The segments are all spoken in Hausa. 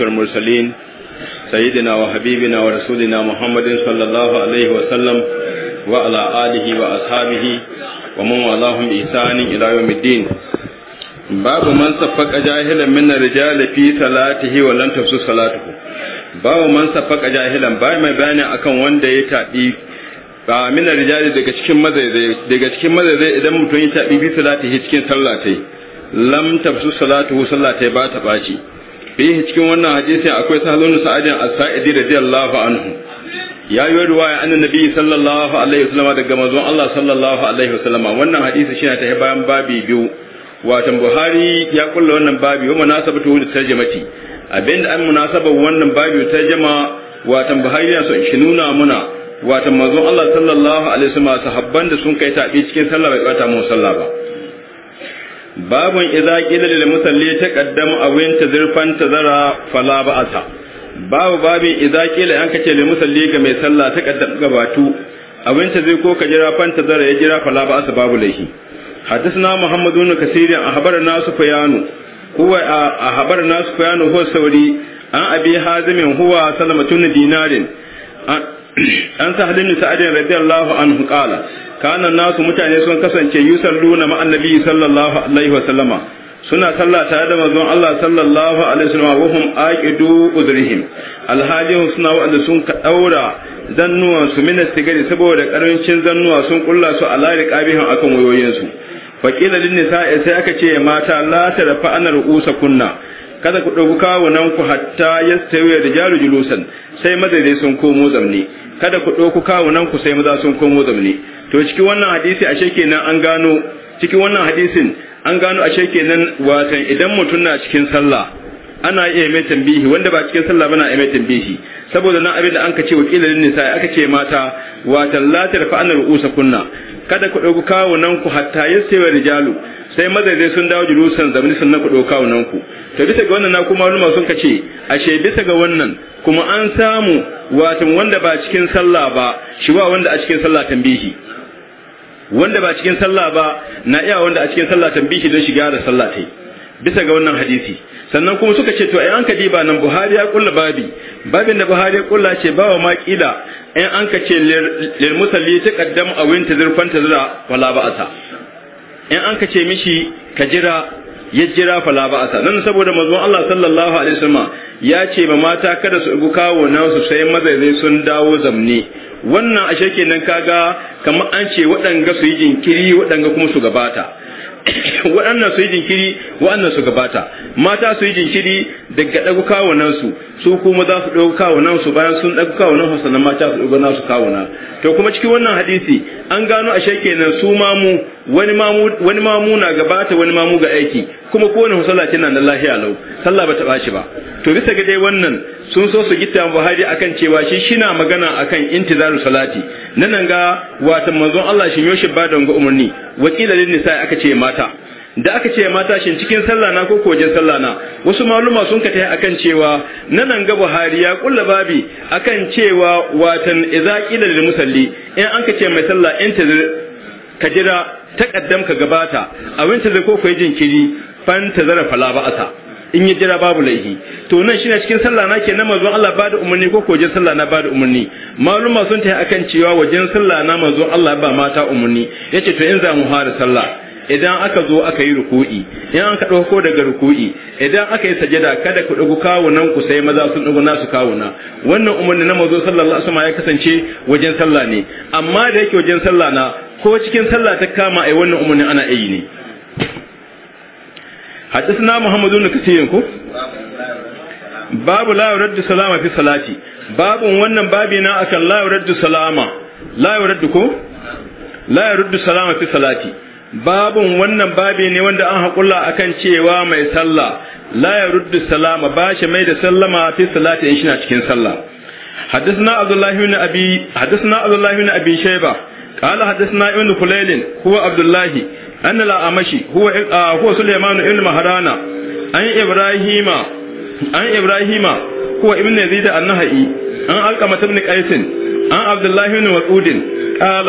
أشرف المرسلين سيدنا وحبيبنا ورسولنا محمد صلى الله عليه وسلم وعلى آله وأصحابه ومن والاهم بإحسان إلى يوم الدين باب من صفق جاهلا من الرجال في صلاته ولم تفسد صلاته باب من صفق جاهلا باي ما بيان akan wanda ya tabi ba min rijali daga cikin mazaizai daga cikin mazaizai idan mutum ya tabi bi salatihi cikin sallatai lam tafsu salatuhu sallatai ba ta baci fihi cikin wannan hadisin akwai sahlun sa'adin as-sa'idi radiyallahu anhu ya yi ruwaya an nabi sallallahu alaihi wasallam daga manzon Allah sallallahu alaihi wasallam wannan hadisi shi na ta bayan babi biyu watan Buhari ya kulla wannan babi wa munasabatu da tarjamati abinda an munasaba wannan babi tarjama watan Buhari ya so shi nuna muna watan manzon Allah sallallahu alaihi wasallam sahabban da sun kai tabi cikin sallah bai bata mu sallah ba babun idza qila lil musalli taqaddam aw yantazir tazara fala ba'asa babu babi idza qila an kace lil musalli ga mai sallah taqaddam gabatu aw yantazir ko ka jira tazara ya jira fala ba'asa babu laihi hadisna حدثنا محمد بن كثير أخبرنا سفيان هو أخبرنا سفيان هو huwa عن an abi hazim huwa salamatun dinarin an sa bin sa'ad radiyallahu anhu qala kana nasu mutane sun kasance yusalluna ma annabi sallallahu alaihi wa suna sallah tare da manzon Allah sallallahu alaihi wasallam wa hum aqidu udrihim alhajin suna wa'anda sun ka daura zannuwan su min sigari saboda karancin zannuwa sun kulla su ala riqabihin akan wayoyin su faqila lin nisa'i sai aka ce mata la tarfa anar usakunna kunna kada ku ɗauki kawunan ku hatta ya tsaye da jaru julusan sai mazaje sun komo zamne kada ku ɗauki kawunan ku sai maza sun komo zamne to cikin wannan hadisi ashe kenan an gano cikin wannan hadisin an gano ashe kenan watan idan mutum na cikin sallah ana iya mai tambihi wanda ba cikin sallah bana iya mai tambihi saboda nan abin da an ka ce wa kilalin nisa aka ce mata wa latar fa anar usa kunna kada ku dauki kawo nan ku hatta yasewa rijalu sai mazaje sun dawo jirusan zamani sun na ku dauki kawo nan ku to bisa ga wannan na kuma wani sun ka ce ashe bisa ga wannan kuma an samu wato wanda ba cikin sallah ba shi ba wanda a cikin sallah tambihi wanda ba cikin sallah ba na iya wanda a cikin sallah tambihi don shiga da sallah tai bisa ga wannan hadisi sannan kuma suka ce to ai an ka diba nan Buhari ya kulla babi babin da Buhari ya kulla ce bawa ma kila ai an ka ce lil musalli ta qaddam awin tazirfan tazira wala ba'asa ai an ka ce mishi ka jira ya jira fala ba'asa nan saboda manzon Allah sallallahu alaihi wasallam ya ce ma mata kada su igu kawo na su sai zai sun dawo zamne wannan ashe kenan kaga kamar an ce waɗanga su yi jinkiri waɗanga kuma su gabata waɗannan su yi jinkiri waɗannan su gabata mata su yi jinkiri daga ɗagu kawunan su su kuma za su ɗagu kawunan su bayan sun ɗagu kawunan su sannan mata su ɗagu nasu kawuna to kuma cikin wannan hadisi an gano a kenan su ma mu wani mamu na gabata wani mamu ga aiki kuma kowane musalla ce nan lahiya lau sallah ba ta bashi ba to bisa ga dai wannan sun so su gitta Buhari akan cewa shi shina magana akan intizaru salati nan ga watan manzon Allah shin yoshi ba da ga umarni wakila lin nisa aka ce mata da aka ce mata shin cikin sallah na ko kojin sallah na wasu maluma sun ka akan cewa nan ga Buhari ya kulla babi akan cewa watan idza qila lil musalli in an ka ce mai sallah intizar ka jira taqaddam ka gabata abin ta zai ko kai jinkiri fan ta zara fala ba'asa in ya jira babu laihi to nan shine cikin sallah na kenan manzo Allah bada umarni ko ko jin sallah na bada umarni maluma sun ta akan cewa wajen sallah na manzo Allah ba mata umarni yace to in za mu fara sallah idan aka zo aka yi ruku'i in an ka ɗauko daga ruku'i idan aka yi sajada kada ku ɗagu kawunan ku sai maza sun ɗagu nasu kawuna wannan umarni na mazo sallallahu alaihi wasallam ya kasance wajen sallah ne amma da yake wajen sallah na ko cikin sallah ta kama ai wannan umarni ana yi ne muhammadu محمد بن yanku? babu la yuraddu salama fi salati Babu wannan babi na akan la yuraddu salama la yuraddu ko la yuraddu salama fi salati babin wannan babi ne wanda an a akan cewa mai sallah la ya ruddu salama ba shi mai da sallama fi salati in shina cikin sallah hadisna abdullahi ibn abi hadisna abdullahi ibn abi shayba قال حدثنا ابن كليل هو Abdullahi, الله ان الاعمش هو هو سليمان ابن مهران عن ابراهيم an Ibrahima هو Ibn يزيد النهائي عن an بن قيس عن an Abdullahi بن مسعود قال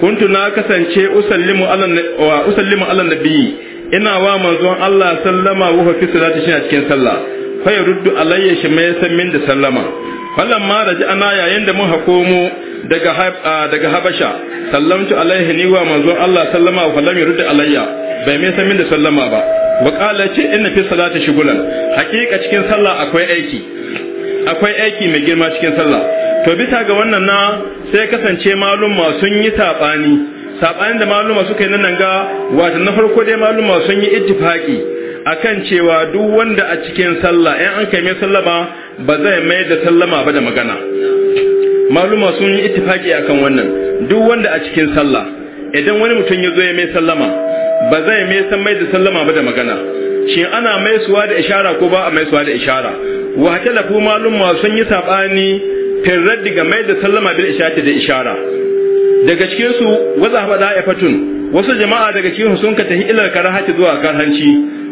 kuntu na kasance usallimu ala usallimu ala nabi ina wa manzon Allah sallama wa fi salati shi a cikin sallah fa ruddu alayya shi mai san min da sallama falan ma da ana yayin da mun mu daga daga habasha sallamtu alayhi ni wa manzon Allah sallama wa ya yaruddu alayya bai mai san min da sallama ba wa qala ce inna fi salati shugulan haqiqa cikin sallah akwai aiki akwai aiki mai girma cikin sallah to bisa ga wannan na sai kasance maluma sun yi sabani sabanin da maluma suka yi nan ga wato na farko dai maluma sun yi ittifaki akan cewa duk wanda a cikin sallah in an kai mai sallama ba zai mai da sallama ba da magana maluma sun yi ittifaki akan wannan duk wanda a cikin sallah idan wani mutum ya zo ya mai sallama ba zai mai san mai da sallama ba da magana shin ana mai suwa da ishara ko ba a mai suwa da ishara wa talafu malum ma sun yi sabani firrad daga mai da sallama bil ishati da ishara daga cikin su waza ba ya wasu jama'a daga cikin sun ka tahi ilal karahati zuwa karhanci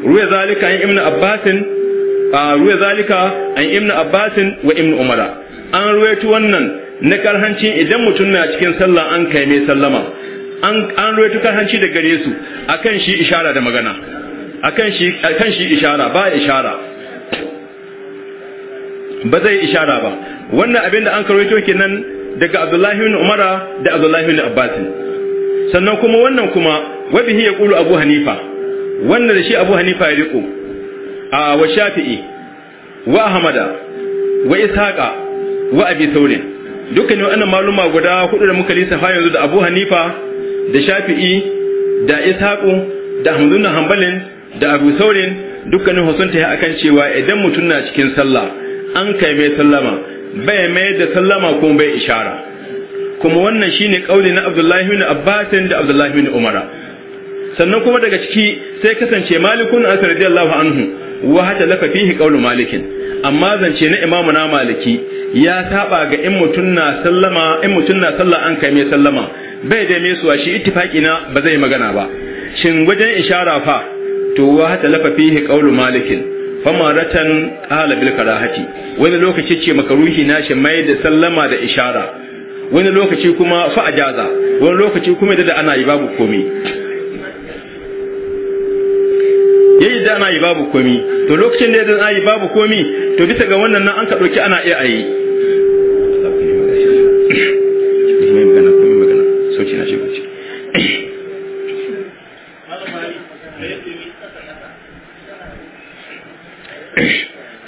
ruwa zalika an ibnu abbasin ruwa zalika an ibnu abbasin wa ibnu umara an ruwaitu wannan na karhancin idan mutum na cikin sallah an kai mai sallama an an ruwaito hanci da gare su akan shi ishara da magana akan shi shi ishara ba ishara ba zai ishara ba wannan abin da an ke kenan daga Abdullahi ibn Umara da Abdullahi ibn Abbas sannan kuma wannan kuma wabi ya kulu Abu Hanifa wannan da shi Abu Hanifa ya riko a wa Shafi'i wa Ahmada wa Ishaqa wa Abi Thawrin dukkan wannan maluma guda hudu da muka lissafa yanzu da Abu Hanifa da shafi'i da ishaqu da hamdun hambalin da abu saurin dukkanin sun ta akan cewa idan mutum na cikin sallah an kai mai sallama bai mai da sallama ko bai ishara kuma wannan shine kauli na Abdullahi bin Abbas da Abdullahi bin Umar sannan kuma daga ciki sai kasance malikun an anhu wa hata lafa fihi kaulu malikin amma zance na imamu na maliki ya saba ga in mutum na sallama in sallah an kai mai sallama bai da mai suwa shi ittifaki na ba zai magana ba shin wajen ishara fa to wa lafa fihi qaulu malikin famaratan qala bil karahati wani lokaci ce makaruhi na shi mai da sallama da ishara wani lokaci kuma fa ajaza wani lokaci kuma da ana yi babu komai yayi da ana yi babu komi to lokacin da ana yi babu komi to bisa ga wannan nan an ka dauki ana iya ayi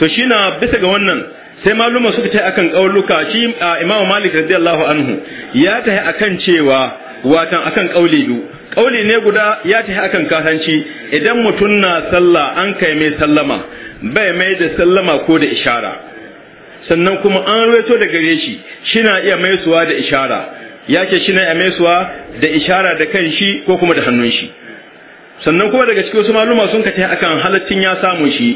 to shi na bisa ga wannan sai maluma suka ce akan kauluka shi imamu malik radiyallahu anhu ya tahi akan cewa watan akan kauli biyu kauli ne guda ya tahi akan kasanci idan mutum na sallah an kai mai sallama bai mai da sallama ko da ishara sannan kuma an ruwaito da gare shi shina iya maisuwa da ishara yake shina iya maisuwa da ishara da kan shi ko kuma da hannun shi sannan kuma daga cikin wasu maluma sun ka akan halaccin ya samu shi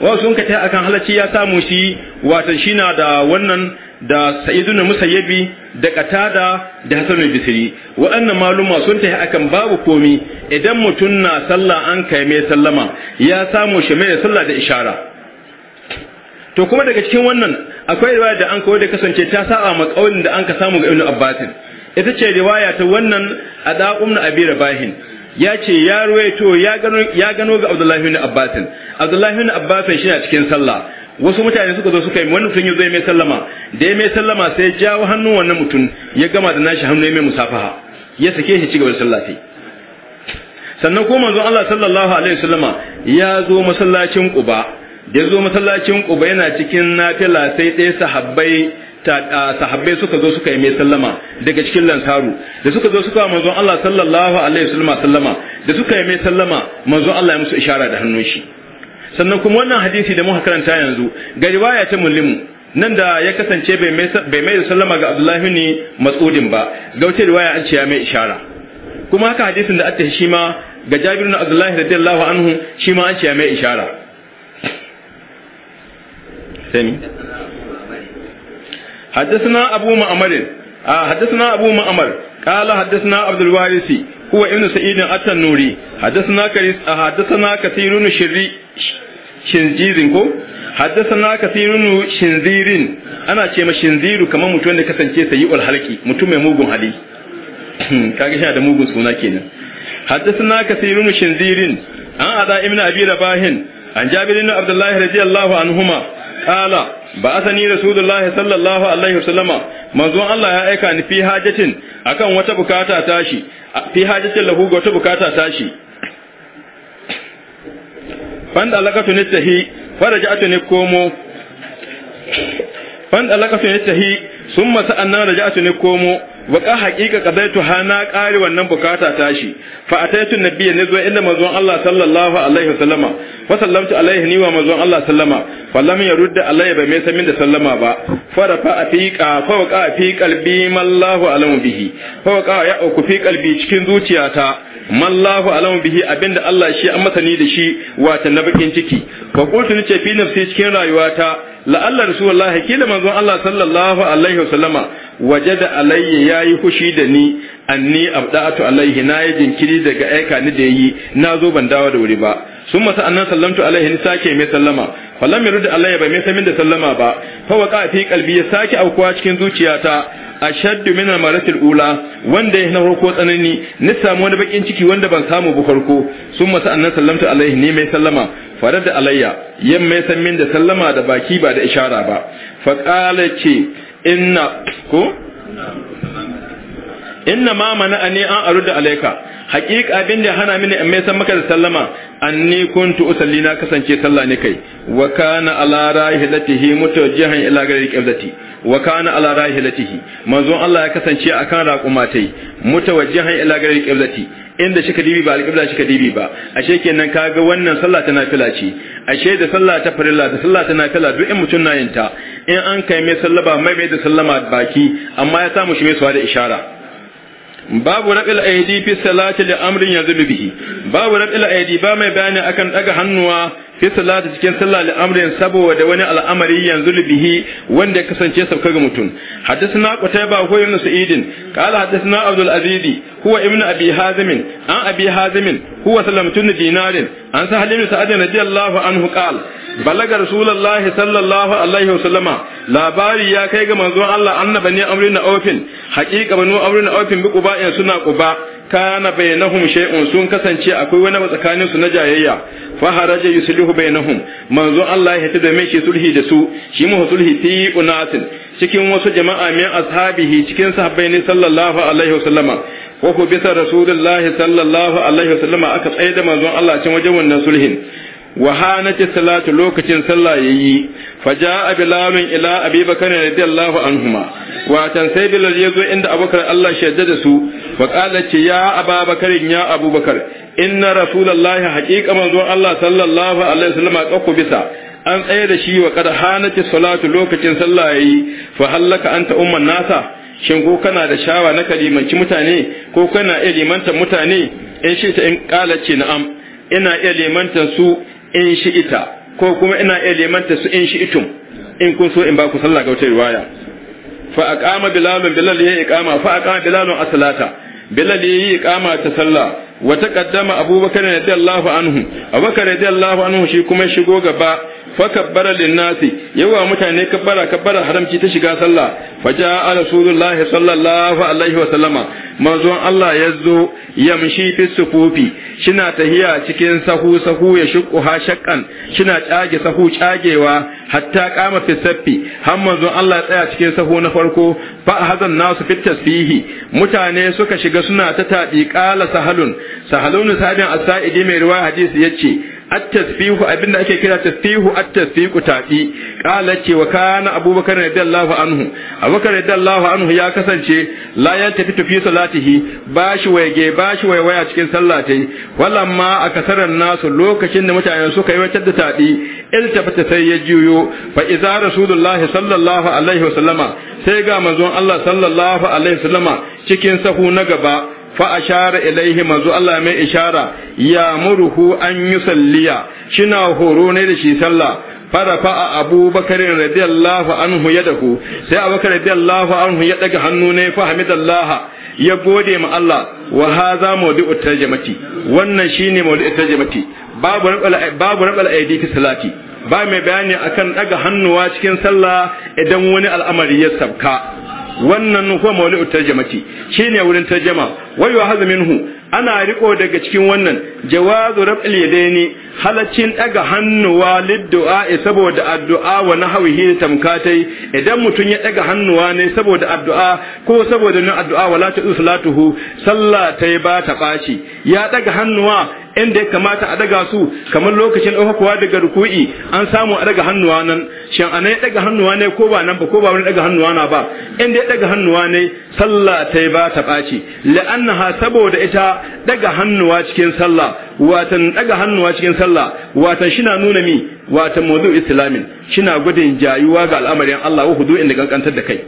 wa sun kace akan halacci ya samu shi watan shi na da wannan da sayyiduna musayyabi da katada da bisiri bisri waɗannan maluma sun tafi akan babu komi idan mutun na sallah an kai mai sallama ya samu shi mai sallah da ishara to kuma daga cikin wannan akwai riwaya da an kawo da kasance ta sa'a ma kaulin da an ka samu ga ibnu abbasin ita ce riwaya ta wannan a na abi rabahin ya ce ya ruwaito ya gano ga Abdullahi ibn Abbas Abdullahi ibn Abbas shi na cikin sallah wasu mutane suka zo suka yi wani mutum ya zo ya mai sallama da ya mai sallama sai ya jawo hannun wannan mutum ya gama da nashi hannu ya mai musafaha ya sake shi cigaba da sallah sai sannan ko manzon Allah sallallahu alaihi wasallama ya zo masallacin Quba da ya zo masallacin Quba yana cikin nafila sai ɗaya sahabbai sahabbai suka zo suka yi mai sallama daga cikin lansaru da suka zo suka manzon Allah sallallahu alaihi wasallam sallama da suka yi mai sallama manzon Allah ya musu isharar da hannun shi sannan kuma wannan hadisi da muka karanta yanzu ga riwaya ta mulimu nan da ya kasance bai mai sallama ga Abdullahi ne mas'udin ba ga wata riwaya an ce ya mai ishara kuma haka hadisin da atta shi ma ga Jabir bin Abdullahi radiyallahu anhu shi ma an ce ya mai ishara sani حدثنا أبو معمر حدثنا أبو معمر قال حدثنا عبد الوارث هو ابن سعيد ko haddasana kasirun shinzirin ana ce ma shinziru kamar mutum wanda kasance sayi halki mutum mai mugun hali kaga shi da mugun suna kenan haddasana kasirun shinzirin an ada ibn abi rabahin an jabir ibn abdullah anhuma qala ba asani rasulullahi sallallahu alaihi wasallama manzon Allah ya aika ni fi hajatin akan wata bukata tashi fi hajatin lahu ga wata bukata tashi fan dalakatu nittahi faraja'atu ni komo fan komo baka haƙiƙa kadaitu ha na ƙare wannan bukata ta shi fa ataitu nabiyya ne zuwa inda manzon Allah sallallahu alaihi wasallama fa sallamtu alaihi ni wa manzon Allah sallama fa lam yarudda alaihi ba mai samin da sallama ba fa da fa a rafa afiqa fa a fi qalbi mallahu alamu bihi fa waqa ya ku fi ƙalbi cikin zuciyata mallahu alamu bihi abinda Allah shi an masani da shi wata na bakin ciki fa qultu ni ce fi nafsi cikin rayuwata la'alla rasulullahi kila manzon Allah sallallahu alaihi wasallama Waje wajada alayya yayi fushi da ni anni abda'atu alayhi na yi jinkiri daga aika ni da yi na zo ban dawo da wuri ba sun masa annan sallamtu alayhi ni sake mai sallama falam yurid alayya bai mai samin da sallama ba fa waqa fi qalbi ya sake aukuwa cikin zuciyata ashaddu min al-maratil ula wanda ya na farko tsanani ni samu wani bakin ciki wanda ban samu ba farko sun masa annan sallamtu alayhi ni mai sallama farad alayya yamma ya san da sallama da baki ba da ishara ba fa qala ce inna ko inna ma mana ani an da alayka haqiqa abin da hana mini amma san maka da sallama anni kuntu usalli na kasance sallah ne kai wa kana ala rahilatihi mutawajjihan ila gari qiblati wa kana ala rahilatihi manzon Allah ya kasance akan raqumatai mutawajjihan ila gari qiblati inda shika dibi ba alqibla shika dibi ba ashe kenan kaga wannan sallah ta nafila ce ashe da sallah ta farilla da sallah ta nafila duk in mutun na yinta in an kai mai sallaba mai mai da sallama baki amma ya samu shi mai suwa da ishara babu raqil aidi fi salati li amrin yazmu bihi babu ila aidi ba mai bayani akan daga hannuwa fi salati cikin sallah al'amrin saboda wani al'amari yanzu bihi wanda ya kasance sauka ga mutum haddathana qutayba ko yunus saidin qala hadisna abdul aziz huwa ibnu abi hazim an abi hazim huwa salamtun dinarin an sahal ibn sa'id radiyallahu anhu qala balaga rasulullahi sallallahu alaihi wasallama labari ya kai ga manzon Allah annabani amrin na ofin haqiqa banu amrin na ofin bi quba suna quba kana bainahum shay'un sun kasance akwai wani tsakanin su na jayayya fa haraja yuslihu bainahum manzo Allah ya tada mai shi sulhi da su shi mu sulhi fi unatin cikin wasu jama'a min ashabihi cikin sahabbai ne sallallahu alaihi wasallama wa ku bisa rasulullahi sallallahu alaihi wasallama aka tsaye da manzon Allah cikin wajen wannan sulhin wa hanati salatu lokacin sallah yayi faja'a bilalun ila abi bakar radiyallahu anhuma watan sai bilal yazo inda abubakar Allah shaidda da su فقال يا أبا بكر يا أبو بكر إن رسول الله حقيقة منظور الله صلى الله عليه وسلم أقو بسا an tsaye da shi wa kada hanati salatu lokacin sallah yayi fa hallaka anta umman nasa shin ko kana da shawa na kalimanci mutane ko kana iya limanta mutane in shi ta in kala ce na'am ina iya limanta su in shi ita ko kuma ina iya limanta su in shi itum in kun so in ba ku sallah ga wata riwaya fa aqama bilal bilal ya iqama fa aqama bilal as-salata bilal yi kama ta sallah wata kaddama abubakar radiyallahu anhu abubakar radiyallahu anhu shi kuma shigo gaba fa linnasi yawa mutane kabbara kabbara haramci ta shiga sallah fa ja'a rasulullah sallallahu alaihi wa sallama manzon Allah yazo yamshi fi sufufi shina tahiya cikin sahu sahu ya shuqu ha shakkan shina cage sahu cagewa hatta kama fi saffi har manzon Allah ya tsaya cikin sahu na farko fa hazan nasu fi tasbihi mutane suka shiga suna ta tabi qala sahalun sahalun sabin asaidi mai riwaya hadisi yace at-tasbihu abinda ake kira tasbihu at-tasbihu tafi qala ce wa kana abubakar radiyallahu anhu abubakar radiyallahu anhu ya kasance la ya tafi fi salatihi bashi waige bashi waiwaya cikin sallatai walamma akasaran nasu lokacin da mutane suka yi wata da tadi iltafata sai ya juyo fa idza rasulullahi sallallahu alaihi wasallama sai ga manzon Allah sallallahu alaihi wasallama cikin sahu na gaba fa ashara ilaihi manzo Allah mai ishara ya murhu an yusalliya shina horo ne da shi sallah farafa abubakar radiyallahu anhu ya dahu sai abubakar radiyallahu anhu ya daga hannu ne fa hamidallaha ya gode ma Allah wa hadha mawdu'u tarjamati wannan shine mawdu'u tarjamati babu rabal babu rabal aidi fi salati ba mai bayani akan daga hannuwa cikin sallah idan wani al'amari ya sabka wannan huwa mawli'u tarjamati shine wurin tarjama wayu yuhazu minhu ana riko daga cikin wannan jawazu rab'il yadaini halaccin daga hannuwa liddu'a saboda addu'a wa nahwihi tamkatai idan mutun ya daga hannuwa ne saboda addu'a ko saboda nan addu'a wala ta'u salatuhu sallah ba ta baci ya daga hannuwa inda ya kamata a daga su kamar lokacin kuwa daga ruku'i an samu a daga hannuwa nan shin a nan ya daga hannuwa ne ko ba nan ba ko ba wani daga hannuwa na ba inda ya daga hannuwa ne sallah ta ba ta ɓaci la'annaha saboda ita daga hannuwa cikin sallah watan daga hannuwa cikin sallah watan shina nuna mi watan mawdu islamin shina gudun jayuwa ga al'amarin Allah wa hudu inda kankantar da kai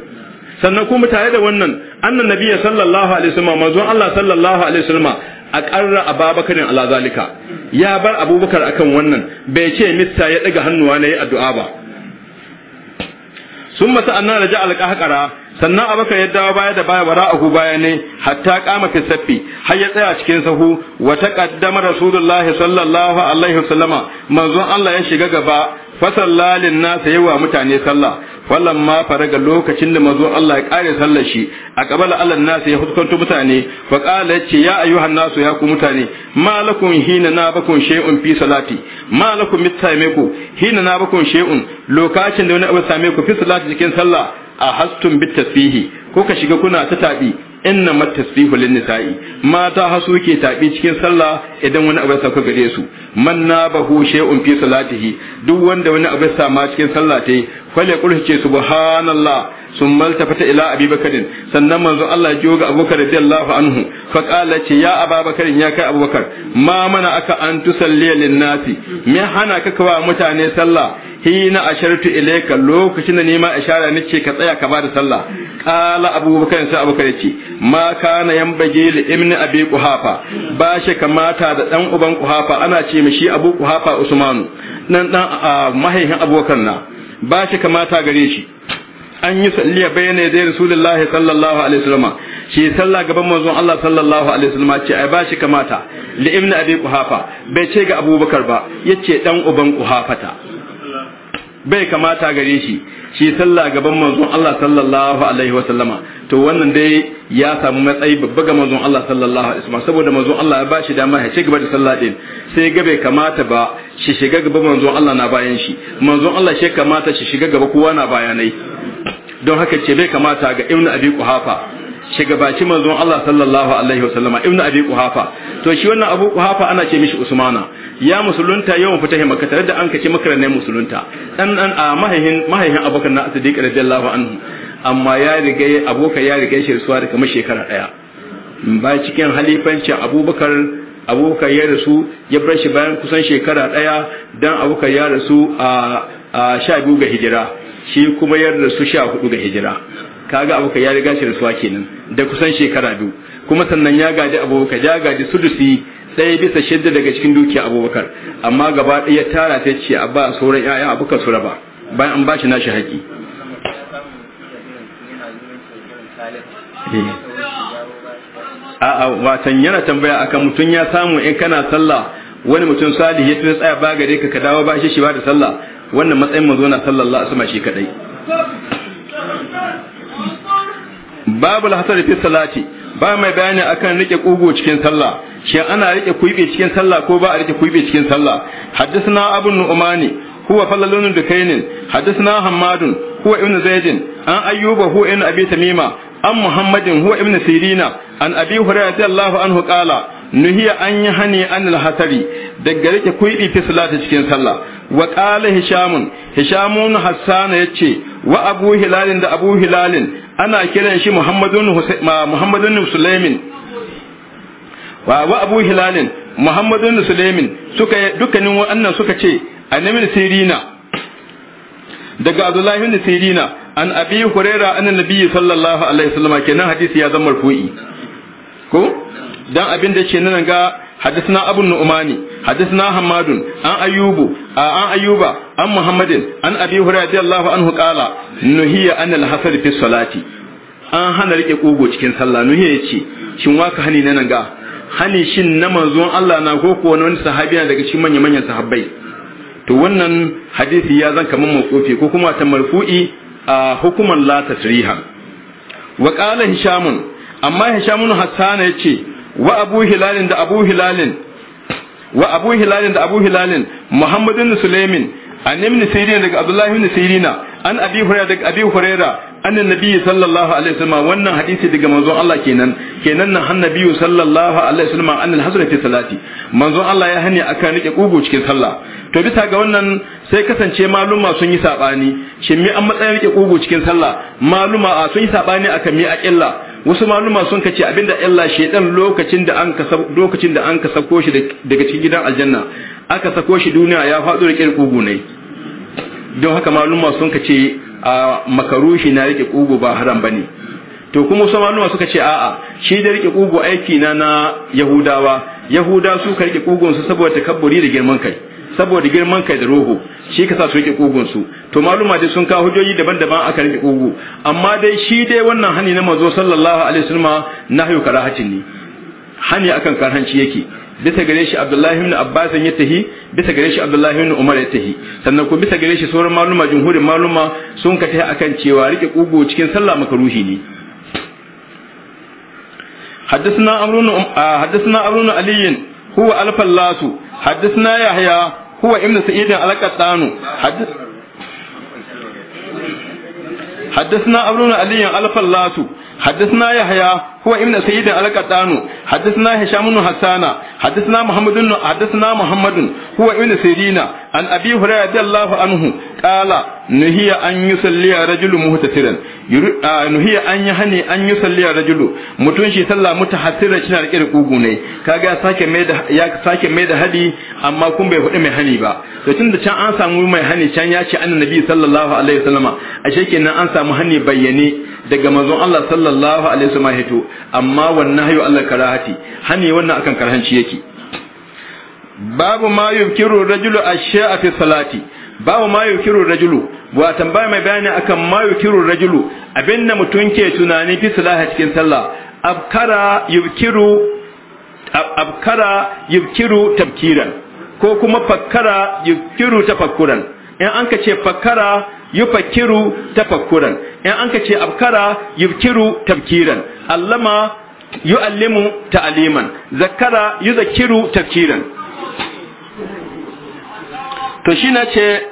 sannan kuma tare da wannan annan nabiyya sallallahu alaihi wasallam manzon Allah sallallahu alaihi wasallam a ƙarra a babakarin ala zalika ya bar abubakar akan wannan bai ce mista ya ɗaga hannuwa na yi addu'a ba sun masa da raja alƙaƙara sannan abubakar ya dawo baya da baya wara ahu baya ne hatta kama fi saffi har ya tsaya cikin sahu wa taqaddama rasulullahi sallallahu alaihi wasallama manzon Allah ya shiga gaba fasallalin lin yi wa mutane sallah fara ga lokacin da mazo Allah ya kare sallar shi a kabala Allah nas ya huskanto mutane fa qala yace ya ayyuhan nasu ya ku mutane malakum hina na bakun shay'un fi salati malakum mitame ku hina na bakun shay'un lokacin da wani abu same ku fi salati cikin sallah a hastun bit Ko ka shiga kuna ta tabi inna matasbihu lin nisa'i mata ha suke tabi cikin sallah idan wani abu ya sauka gare su man nabahu shay'un fi salatihi duk wanda wani abu ya sama cikin sallah tai fale kulhu ce subhanallah sun maltafata ila abi bakarin sannan manzo Allah jiyo ga abubakar radiyallahu anhu fa qala ce ya ababakar ya kai abubakar ma mana aka an tusalli lin nasi me hana ka kawa mutane sallah hina ashartu ilayka lokacin da nima ishara nace ka tsaya ka bada sallah qala abubakar sai abubakar yace ma kana yambage li ibn abi quhafa ba shi kamata da dan uban quhafa ana ce mishi abu quhafa usmanu dan dan mahaihin abubakar na ba shi kamata gare shi an yi salliya bayyana da rasulullah sallallahu alaihi wasallam shi sallah gaban manzon Allah sallallahu alaihi wasallam ce ai ba shi kamata li ibn abi quhafa bai ce ga abubakar ba yace dan uban quhafata bai kamata gare shi shi sallah gaban manzon Allah sallallahu alaihi wa sallama to wannan dai ya samu matsayi babba ga manzon Allah sallallahu alaihi wa saboda manzon Allah ya bashi dama ya ci gaba da sallah din sai ga bai kamata ba shi shiga gaba manzon Allah na bayan shi manzon Allah shi kamata shi shiga gaba kowa na bayanai don haka ce bai kamata ga ibnu Abi Quhafa shigabaci manzon Allah sallallahu alaihi wasallama ibn abi quhafa to shi wannan abu quhafa ana ce mishi usmana ya musulunta yawan fitahi makka tare da an kace makka ne musulunta dan dan a mahaihin mahaihin abokan na sadiq radiyallahu anhu amma ya riga aboka ya riga shi rasuwa da kamar shekara daya ba cikin halifancin abubakar abubakar ya rasu ya bar shi bayan kusan shekara daya dan abubakar ya rasu a a sha biyu ga hijira shi kuma ya rasu sha hudu ga hijira kaga abubakar ya riga shi rasuwa kenan da kusan shekara biyu kuma sannan ya gaji abubakar ya gaji sudusi ɗaya bisa shidda daga cikin dukiya abubakar amma gaba ɗaya tara sai ce a ba sauran ƴaƴan abubakar su raba bayan an ba shi nashi haƙi eh. a'a watan yana tambaya akan mutum ya samu in kana sallah wani mutum salihu ya tsaya ba gare ka ka dawo ba shi shi ba da sallah wannan matsayin mazo na sallallahu alaihi wasallam shi kadai babu al-hasar fi salati ba mai bayani akan rike kugo cikin sallah shi ana rike kuibe cikin sallah ko ba a rike kuibe cikin sallah haddathana abu nu'mani huwa falalun dukainin haddathana hammadun huwa ibnu zaidin an ayyuba huwa ibnu abi tamima an muhammadin huwa ibnu sirina an abi hurairah radiyallahu anhu qala nuhiya an yi hani an alhatari daga rike kuɗi fi salati cikin sallah wa qala hishamun hishamun hassana yace wa abu hilalin da abu hilalin ana kiran shi muhammadun muhammadun sulaimin wa wa abu hilalin muhammadun sulaimin suka dukkanin wannan suka ce annabi sirina daga abdullahi ibn sirina an abi hurairah annabi sallallahu alaihi wasallam kenan hadisi ya zama marfu'i ko dan abin da ke nuna ga حدثنا أبو النعمان حدثنا حماد عن أيوب an ayyuba عن محمد عن أبي هريرة رضي الله عنه قال نهي عن الحسد في salati an hana rike kogo cikin sallah nuhi ya ce shin waka hani na nan hani shin na manzon Allah na ko ko wani sahabi na daga cikin manya manyan sahabbai to wannan hadisi ya zan kaman mawqufi ko kuma ta marfu'i a hukuman la tasriha wa qala hishamun amma hishamun hassana yace wa abu hilalin da abu hilalin wa abu hilalin da abu hilalin muhammadun sulaimin an ibn sirin daga abdullahi ibn sirina an abi hurayra daga abi hurayra annan nabiyyi sallallahu alaihi wasallam wannan hadisi daga manzon Allah kenan kenan nan annabiyyu sallallahu alaihi wasallam an al-hasra fi salati manzon Allah ya hani aka rike kugo cikin sallah to bisa ga wannan sai kasance maluma sun yi sabani shin mi an matsayin rike kugo cikin sallah maluma sun yi sabani akan mi a killa wasu maluma sun kace abinda Allah shedan lokacin da an ka lokacin da an ka sako shi daga cikin gidan aljanna aka sako shi duniya ya faɗo da kirku gunai don haka maluma sun kace a makarushi na rike kugu ba haram bane to kuma wasu maluma suka ce a'a shi da rike kugu aiki na na yahudawa yahuda su ka rike kugon su saboda takabburi da girman kai saboda girman kai da roho shi ka sa su rike kugun su to maluma dai sun kawo hujjoji daban-daban aka rike kugu amma dai shi dai wannan hani na mazo sallallahu alaihi wasallam nahyu karahatin ne hani akan karhanci yake bisa gare shi Abdullahi ibn Abbas ya tahi bisa gare shi Abdullahi ibn Umar ya tahi sannan ko bisa gare shi sauran maluma jumhurin maluma sun ka tahi akan cewa rike kugu cikin sallah makaruhi ne حدثنا أمرون حدثنا أمرون علي هو الفلاس حدثنا يحيى huwa ibn sa'id al-qattanu حدثنا أبرون علي الفلاس حدثنا يحيى هو ابن سيد القطان حدثنا هشام بن حسان حدثنا محمد بن حدثنا محمد هو ابن سيرين عن ابي هريره رضي الله عنه قال نهي ان يصلي رجل مهتسرا نهي ان يهني ان يصلي رجل mutun shi sallah mutahassira shi na rike da kugu ne kaga sake mai da ya sake mai da hadi amma kun bai faɗi mai hani ba to tunda can an samu mai hani can ya ce annabi sallallahu alaihi wasallama ashe kenan an samu hani bayyane daga manzon Allah sallallahu alaihi wasallam hito amma wannan hayo Allah karahati hani wannan akan karhanci yake babu ma yukiru rajulu ashya'a fi salati babu ma yukiru rajulu wa tambaya mai bayani akan ma yukiru rajulu abinda mutum ke tunani fi salati cikin sallah abkara yukiru abkara yukiru tabkiran ko kuma fakkara yukiru tafakkuran in an ka ce fakkara yufakiru tafakkuran in anka ce abkara yufkiru tafkiran allama yu'allimu ta'aliman zakara yuzakiru tafkiran to shi na ce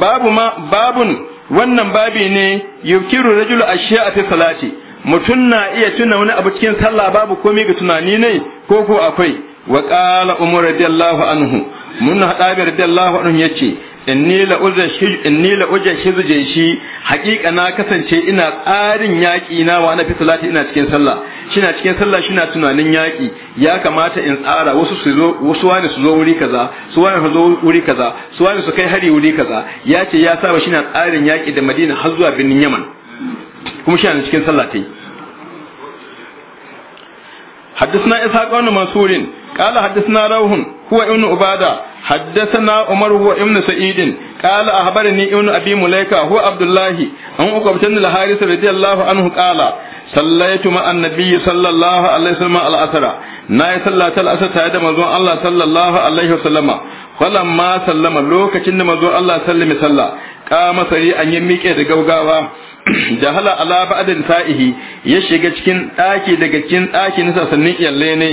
babu ma babun wannan babi ne yufkiru rajulu ashiya fi salati mutum na iya tuna wani abu cikin sallah babu komai ga tunani ne ko ko akwai wa qala umar radiyallahu anhu mun hadabi radiyallahu anhu yace inni la uzashij inni la uzashij jayshi haqiqa na kasance ina tsarin yaki na wa na fi salati ina cikin sallah shina cikin sallah shina tunanin yaki ya kamata in tsara wasu su zo wasu wani su zo wuri kaza su wani su zo wuri kaza su wani su kai hari wuri kaza ya ce ya saba shina tsarin yaki da Madina har zuwa birnin Yaman kuma shi shina cikin sallah tai حدثنا isa بن منصور قال حدثنا روح هو ابن عبادة حدثنا عمر هو ابن سعيد قال أخبرني ابن أبي مليكة هو عبد الله عن عقبة بن الحارث رضي الله عنه قال صليت مع النبي صلى الله عليه وسلم الأسرى ناي صلى الأسرى تعد مزون الله صلى الله عليه وسلم فلما سلم لوكتين مزون الله سلم صلى قام سريعا يميكي دقوقاوا jahala ala ba'adin sa'ihi ya shiga cikin ɗaki daga cikin ɗaki na sassanin iyalle ne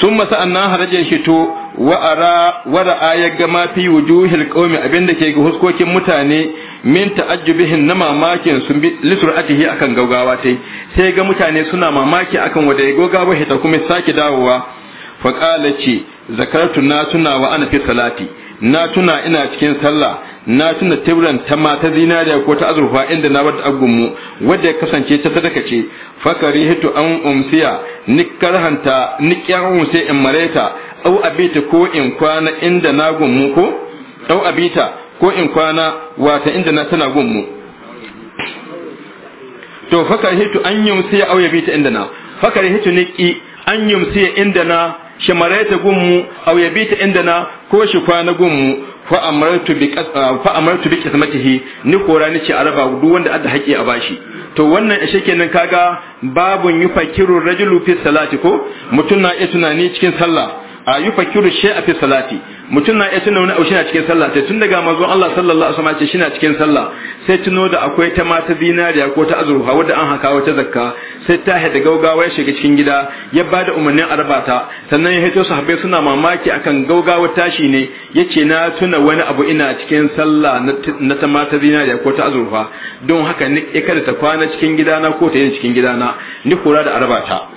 sun masa annan harajen shi to wa'ara wara'a ya ga ma fi wujuhil qaumi abinda ke ga huskokin mutane min ta'ajjubihin na mamakin sun bi ajihi akan gaugawa tai sai ga mutane suna mamaki akan wanda ya gaugawa ta kuma sake dawowa fa qala ce zakartu na tuna wa ana fi salati na tuna ina cikin sallah na tuna tibran ta mata zinariya ko ta azurfa inda na bar agunmu wadda ya kasance ta sadaka ce fakari hito an umsiya ni karhanta ni kyan umsiya in mareta au abita ko in kwana inda na gunmu ko au abita ko in kwana wata inda na tana gunmu to fakari hito an yumsiya au yabita inda na fakari hito ni ki an yumsiya inda na shi maraita gunmu aw yabita inda indana ko shi kwana gunmu fa amartu bi ah, fa amartu bi qismatihi ni kora ni ce araba duk wanda adda haƙi a bashi to wannan ashe kenan kaga babun yufakiru rajulu fi salati ko mutun na iya tunani cikin sallah a yi fakiru shi a fi salati mutum na iya tuna wani abu na cikin sallah sai tun daga manzon Allah sallallahu alaihi wasallam ce shina cikin sallah sai tuno da akwai ta mata zinariya ko ta azurfa wadda an haka wata zakka sai ta haɗa gaugawa ya shiga cikin gida ya ba da umarnin arbata sannan ya haito sahabbai suna mamaki akan gaugawa tashi ne yace na tuna wani abu ina cikin sallah na ta mata zinariya ko ta azurfa don haka ni eh, kada ta kwana cikin gidana ko ta yin cikin gidana ni kura da arbata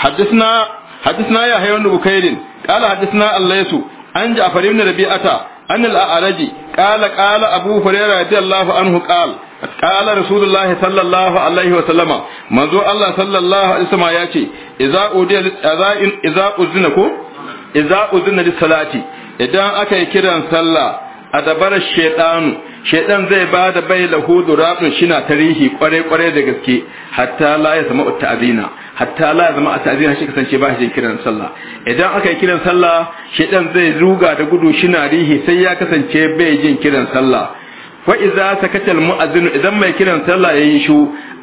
حدثنا حدثنا يحيى بن بكير قال حدثنا الليث عن جعفر بن ربيعة عن الأعرج قال قال أبو هريرة رضي الله عنه قال قال رسول الله صلى الله عليه وسلم منذ الله صلى الله عليه وسلم ياتي إذا أذن إذا أذنكم إذا أذن للصلاة إذا أكي كيران صلى أدبر الشيطان shedan zai ba da bai lahu durabun shina tarihi kware kware da gaske hatta la ya zama ta'zina hatta la ya zama ta'zina shi kasance ba shi kiran sallah idan aka yi kiran sallah shedan zai ruga da gudu shina rihi sai ya kasance bai jin kiran sallah fa iza sakata muazzin idan mai kiran sallah yayin shu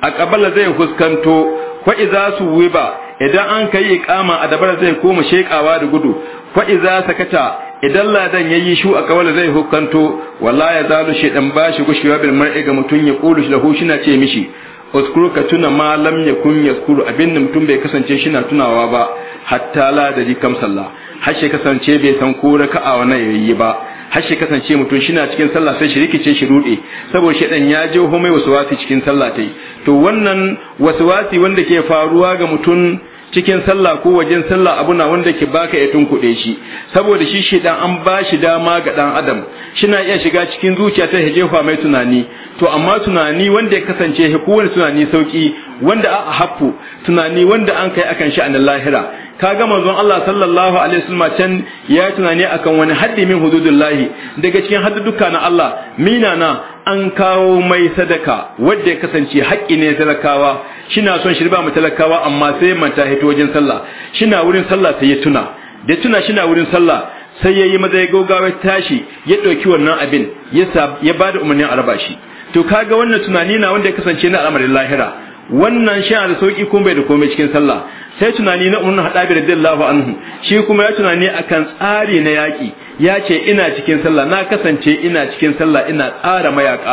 a kabala zai fuskanto fa iza wiba idan an kai iqama a dabara zai koma shekawa da gudu fa iza sakata idan ladan ya yi shu a kawala zai hukanto wallahi ya zalu shedan bashi gushewa bil mar'i ga mutun ya shi lahu shina ce mishi uskuru ka tuna ma lam yakun yaskuru abin da mutum bai kasance shina tunawa ba hatta la da kam sallah har shi kasance bai san ko a wannan yayi ba har shi kasance mutum shina cikin sallah sai shi rikice shi rude saboda dan ya je homai wasu wasi cikin sallah tai to wannan wasu wanda ke faruwa ga mutum cikin sallah ko wajen sallah abu na wanda ke baka ya tunkuɗe shi saboda shi shedan an ba shi dama ga dan adam shina iya shiga cikin zuciya ta hijefa mai tunani to amma tunani wanda ya kasance kowane tunani sauki wanda a hafu tunani wanda an kai akan shi a lahira Ka ga manzon Allah sallallahu alaihi wasallam can ya tunani akan wani haddi min hududullahi daga cikin hadduduka na Allah mina na an kawo mai sadaka wanda ya kasance haƙƙi ne talakawa shina son shirba mu talakawa amma sai manta hito wajen sallah shina wurin sallah sai ya tuna da tuna shina wurin sallah sai yayi maza ya gogawa tashi ya dauki wannan abin ya ya bada umarnin raba shi to kaga wannan tunani na wanda ya kasance na al'amarin lahira wannan shi da sauki kuma bai da komai cikin sallah sai tunani na umar hadabi radiyallahu anhu shi kuma ya tunani a kan tsari na yaƙi ya ce ina cikin sallah na kasance ina cikin sallah ina tsara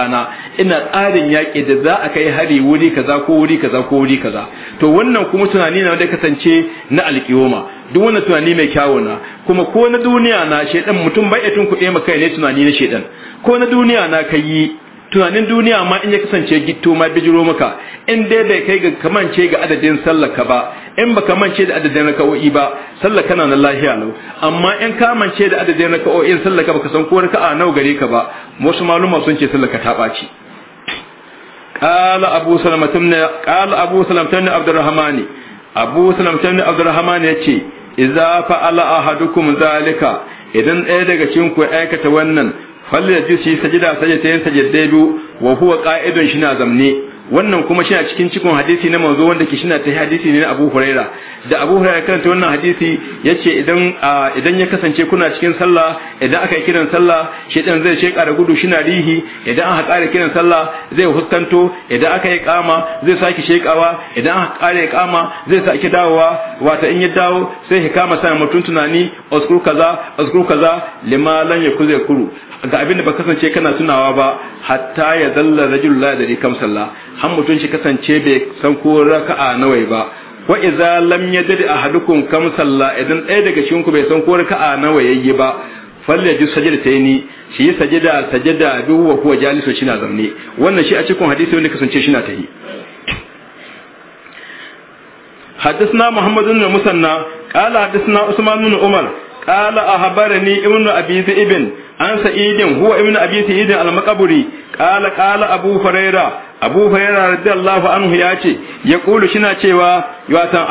na ina tsarin yaƙi da za a kai hari wuri kaza ko wuri kaza ko wuri kaza to wannan kuma tunani na wanda kasance na alƙiyoma duk wannan tunani mai kyawu na kuma ko na duniya na shaidan mutum bai ya tun ma kai ne tunani na shaidan ko na duniya na kai tunanin duniya ma in ya kasance gitto ma bijiro maka in dai bai kai ga kamance ga adadin sallaka ba in ba kamance da adadin raka'o'i ba sallaka na lahiya lau amma in ka mance da adadin rakaoi raka'o'in sallaka baka san ko raka'a nawa gare ka ba wasu maluma sun ce sallaka ta ɓaci قال أبو سلمة قال أبو سلمة عبد الرحمن أبو سلمة عبد الرحمن yace idza fa'ala ahadukum zalika idan ɗaya daga cikin ku aikata wannan falyajid shi sajida sai ya tayi sajidai biyu wa huwa qa'idun shi na zamne wannan kuma shi cikin cikon hadisi na manzo wanda ke shina ta hadisi ne na Abu Huraira da Abu Huraira ta wannan hadisi ya ce idan ya kasance kuna cikin sallah idan aka yi kiran sallah shedan zai sheka da gudu shina rihi idan aka kare kiran sallah zai huskanto idan aka yi kama zai saki shekawa idan aka kare kama zai saki dawowa wato in ya dawo sai ya kama sai mutun tunani uskur kaza uskur kaza lima lan yaku kuru ga abin da ba kasance kana tunawa ba hatta ya dalla rajulullah da kam sallah har mutum shi kasance bai san ko raka'a nawa ba wa idza lam yajid ahadukum kam salla idan ɗaya daga cikin ku bai san ko raka'a nawa yayi ba ta sajdataini shi yi sajada sajada biyu wa huwa jalisu shina zamne wannan shi a cikin hadisi wanda kasance shina tahi حدثنا محمد بن مسنى قال حدثنا عثمان بن عمر قال أخبرني ابن ابي ذئب an sa'idin huwa ibnu abi sa'idin al-maqburi qala qala abu huraira abu huraira radiyallahu anhu ya ce ya kulu shina cewa yatan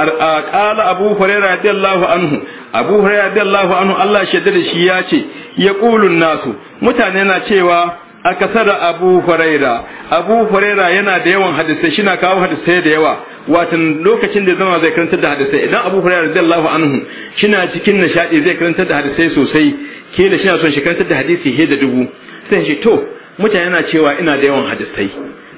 qala abu huraira radiyallahu anhu abu huraira radiyallahu anhu Allah shi da shi ya ce ya kulu nasu mutane na cewa akasara abu huraira abu huraira yana da yawan hadisi shina kawo hadisi da yawa watan lokacin da zama zai karantar da hadisai idan abu hurairah radiyallahu anhu shina cikin nishadi zai karantar da hadisai sosai ke da na son shi karantar da hadisi he da dubu sai shi to mutane na cewa ina da yawan hadisai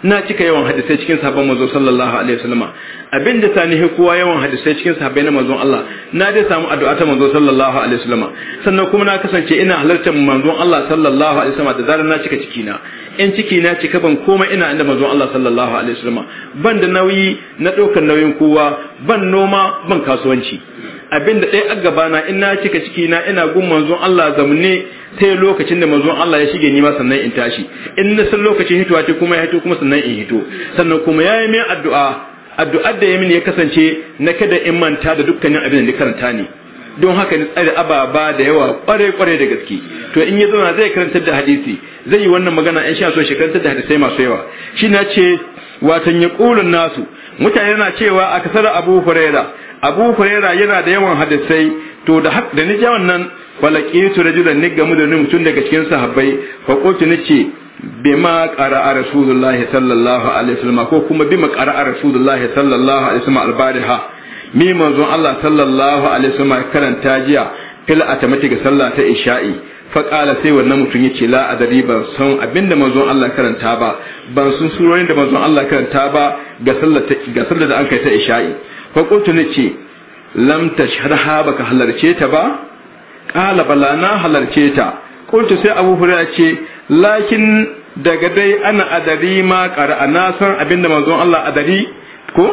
na cika yawan hadisai cikin sahabban manzo sallallahu alaihi wasallam abin da sanihi kowa yawan hadisai cikin sahabbai na manzon Allah na dai samu addu'a ta manzo sallallahu alaihi wasallam sannan kuma na kasance ina halartar manzon Allah sallallahu alaihi wasallam da zarar na cika cikina, in ciki na cika ban komai ina inda manzon Allah sallallahu alaihi wasallam ban da nauyi na ɗaukar nauyin kowa ban noma ban kasuwanci abin da ɗaya a gabana in na cika ciki na ina gun manzon Allah zamne sai lokacin da manzon Allah ya shige ni ma sannan in tashi in na san lokacin hitowa ce kuma ya hito kuma sannan in hito sannan kuma ya yi min addu'a addu'ar da ya mini ya kasance na kada in manta da dukkanin abin da karanta ne don haka ni tsare ababa da yawa kware kware da gaske to in ya zauna zai karanta da hadisi zai yi wannan magana in sha so shi karantar da hadisai masu yawa shi na ce watan ya nasu mutane na cewa a kasar abu huraira abu huraira yana da yawan hadisai to da da ni ji wannan da rajulan ni gamu da mutum daga cikin sahabbai fa ni ce bima qara'a rasulullahi sallallahu alaihi wasallam ko kuma bima qara'a rasulullahi sallallahu alaihi wasallam albariha mi manzon Allah sallallahu alaihi wasallam karanta jiya fil atamati ga sallah ta isha'i faƙala sai wannan mutum ya ce la'adari ban san abinda manzon Allah karanta ba ban sun surorin da manzon Allah karanta ba ga sallar da an kai ta isha'i faƙotu na ce lam ta sharha baka halarce ta ba ƙala bala na halarce ta ƙuntu sai abu hura ce lakin daga dai ana adari ma ƙara san abinda manzon Allah adari ko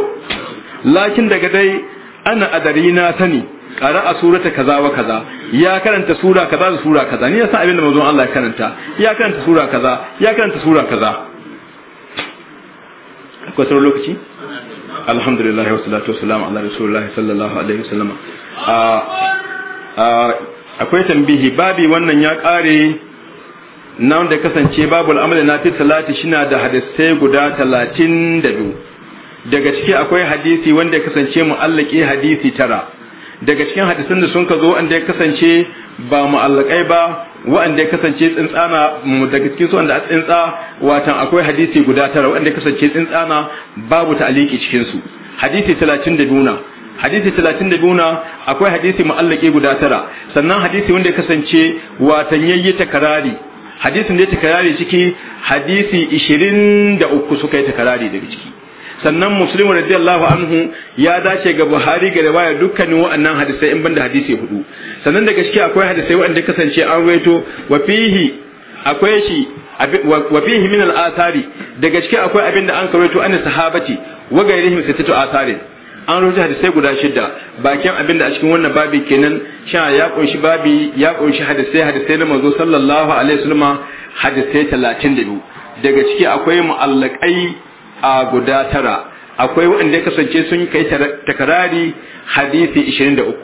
lakin daga dai ana adari na sani a surata kaza wa kaza ya karanta sura kaza da sura kaza ni yasa abin da manzon Allah ya karanta ya karanta sura kaza ya karanta sura kaza akwai sauran lokaci alhamdulillah wa salatu wa salam ala rasulullahi sallallahu alaihi wa a akwai tambihi babi wannan ya kare na wanda kasance babul amali na fi salati shina da hadisai guda talatin da biyu daga ciki akwai hadisi wanda kasance mu'allaki hadisi tara daga cikin hadisan da sun ka zo wanda ya kasance ba mu'allakai ba wanda ya kasance tsintsana daga cikin su wanda a tsintsa watan akwai hadisi guda tara wanda ya kasance tsintsana babu ta'aliki cikin su hadisi 32 na hadisi 32 na akwai hadisi mu'allaki guda tara sannan hadisi wanda ya kasance watan yayi takarari hadisin da ya takarari ciki hadisi 23 suka yi takarari daga ciki sannan muslim radiyallahu anhu ya dace ga buhari ga riwaya dukkanin wa'annan hadisai in banda hadisi hudu sannan daga ciki akwai hadisai wa'anda kasance an rawaito wa fihi akwai shi wa fihi min al-athari daga ciki akwai abin da an karuwaito an sahabati wa gairihim sittatu athari an rubuta hadisai guda shida bakin abin da a cikin wannan babi kenan sha ya kunshi babi ya kunshi hadisai hadisai na manzo sallallahu alaihi wasallam hadisai 32 daga ciki akwai mu'allakai a guda tara akwai waɗanda ya kasance sun kai takarari hadisi 23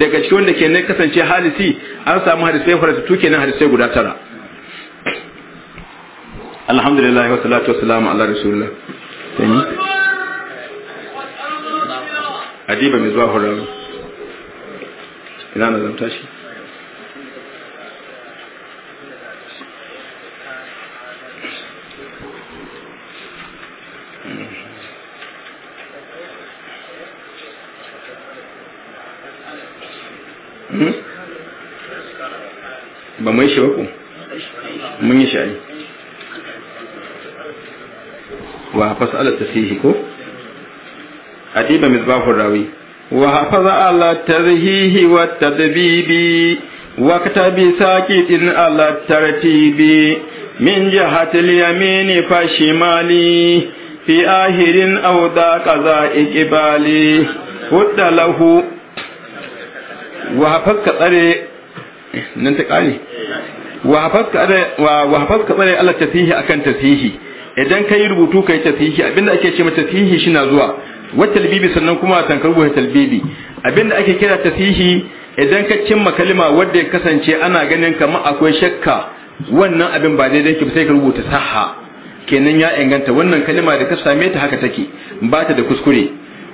daga cikin wanda kenan kasance hadisi an samu hadisai farasitu nan hadisai guda tara alhamdulillah wa salatu wa salamu ala rasulullah sani adiba mai zuwa horar ina na zamta shi ba mai shi ba mun yi shayi wa fasala tasihi ko adiba misbahu rawi wa hafaza ala tarhihi wa tadbibi wa katabi saqitin ala tartibi min jihati al-yamini fa shimali fi ahirin aw da qaza iqbali hudda lahu wa hafaka tsare nan ta kare wa hafaska tsare Allah tasihi akan tasihi idan kai rubutu kai tasihi abinda ake ce shi na zuwa wa talbibi sannan kuma tankar buhe talbibi abinda ake kira tasihi idan ka cimma kalima wadda ya kasance ana ganin kamar akwai shakka wannan abin ba daidai ke sai ka rubuta saha kenan ya inganta wannan kalima da ka same ta haka take ba ta da kuskure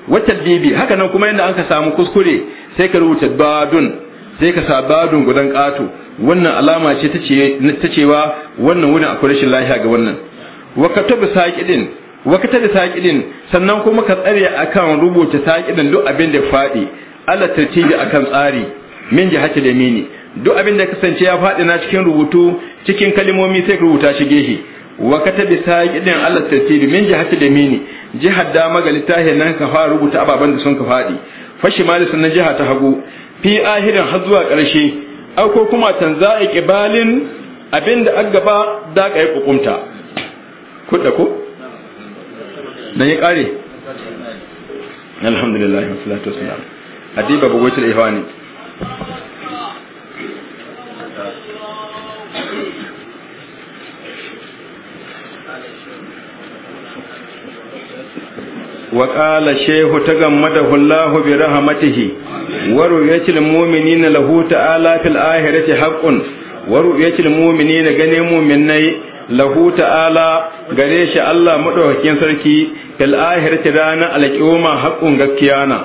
wa talbibi haka nan kuma yanda an ka samu kuskure sai ka rubuta badun sai ka sa babin gudan ƙato wannan alama ce ta cewa wannan wuni akwai rashin lahiya ga wannan wakata bi saƙidin wakata bi saƙidin sannan kuma ka tsare akan rubuta saƙidin duk abin da faɗi ala tartibi akan tsari min ji da mini duk abin da kasance ya faɗi na cikin rubutu cikin kalmomi sai ka rubuta shi gehe wakata bi saƙidin ala tartibi min ji da mini jihar da ga littafin nan ka fara rubuta ababen da sun ka faɗi fashi mali sannan jiha ta hagu fi ahirin har zuwa ƙarshe ko kuma tanza abin abinda an gaba da ka yi kukumta kudda ko dan ya kare alhamdulillah wassalatu wassalam adiba bugotul ihwani وقال الشيخ تغمده الله برحمته ورؤية المؤمنين له تعالى في الآخرة حق ورؤية المؤمنين غني مؤمني له تعالى غريش الله مدوكين سركي في الآخرة على الكيوما حق غكيانا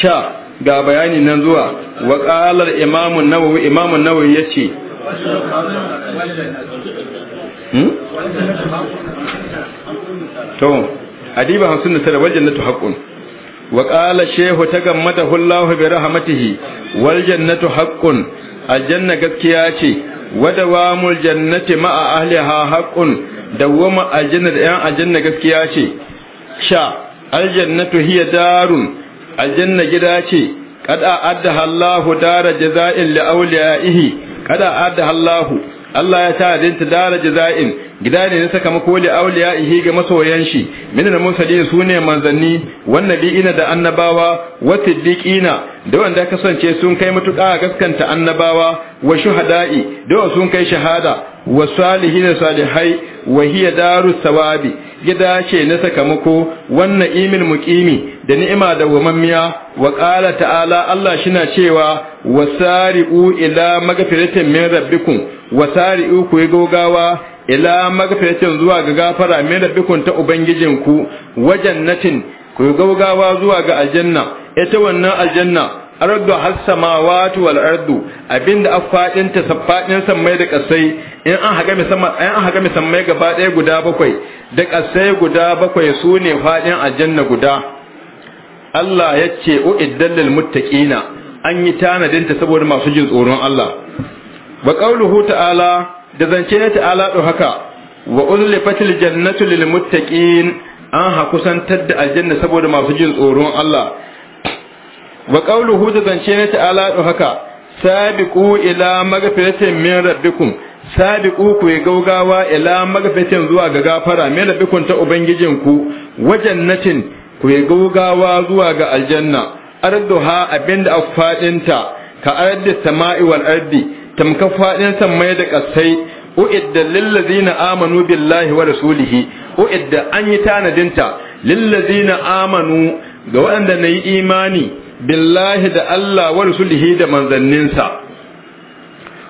شا ga bayani nan zuwa wa qalar imamu nawawi imamu nawawi تو adiba 59 wal jannatu haqqun wa qala shehu tagammata hullahu bi rahmatihi wal jannatu haqqun aljanna gaskiya ce wadawamul jannati ma'a ahliha haqqun dawama aljanna da yan aljanna gaskiya ce sha aljannatu hiya darun aljanna gida ce kada adda Allahu dara jaza'in li awliyaihi kada adda Allahu Allah ya ta dinta dara jaza'in gida ne na sakamako li auliya ihi ga masoyan shi min al mursalin sune manzanni wan nabiyina da annabawa wa tiddiqina da wanda kasance sun kai mutuka gaskanta annabawa wa shuhada'i da sun kai shahada wa salihin salihai wa hiya daru sawabi gida ce na sakamako wannan imin muqimi da ni'ima da wamammiya wa qala ta'ala Allah shina cewa wasari'u ila magfiratin min rabbikum wa sari'u ku yi gaugawa ila magfiratin zuwa ga gafara min bikun ta ubangijinku wa jannatin ku yi gaugawa zuwa ga aljanna ita wannan aljanna ardu has samawati wal ardu abinda afadin ta saffadin sammai da kasai in an haga mai in an haga gaba daya guda bakwai da kasai guda bakwai sune fadin aljanna guda Allah yace ce u'iddal lil muttaqina an yi tanadin ta saboda masu jin tsoron Allah wa qauluhu ta'ala da zance ne ta'ala do haka wa fatil jannatu lil muttaqin an ha kusantar da aljanna saboda masu jin tsoron Allah wa qauluhu da zance ne ta'ala do haka sabiqu ila magfiratin min rabbikum sabiqu ku gaugawa ila magfiratin zuwa ga gafara min rabbikum ta ubangijinku wa jannatin ku gaugawa zuwa ga aljanna arduha abinda afadinta ka ardi sama'i wal ardi tamka fadin mai da kasai uidda lillazina amanu billahi wa rasulihi uidda an yi tanadinta lillazina amanu ga waɗanda na yi imani billahi da Allah wa rasulihi da manzanninsa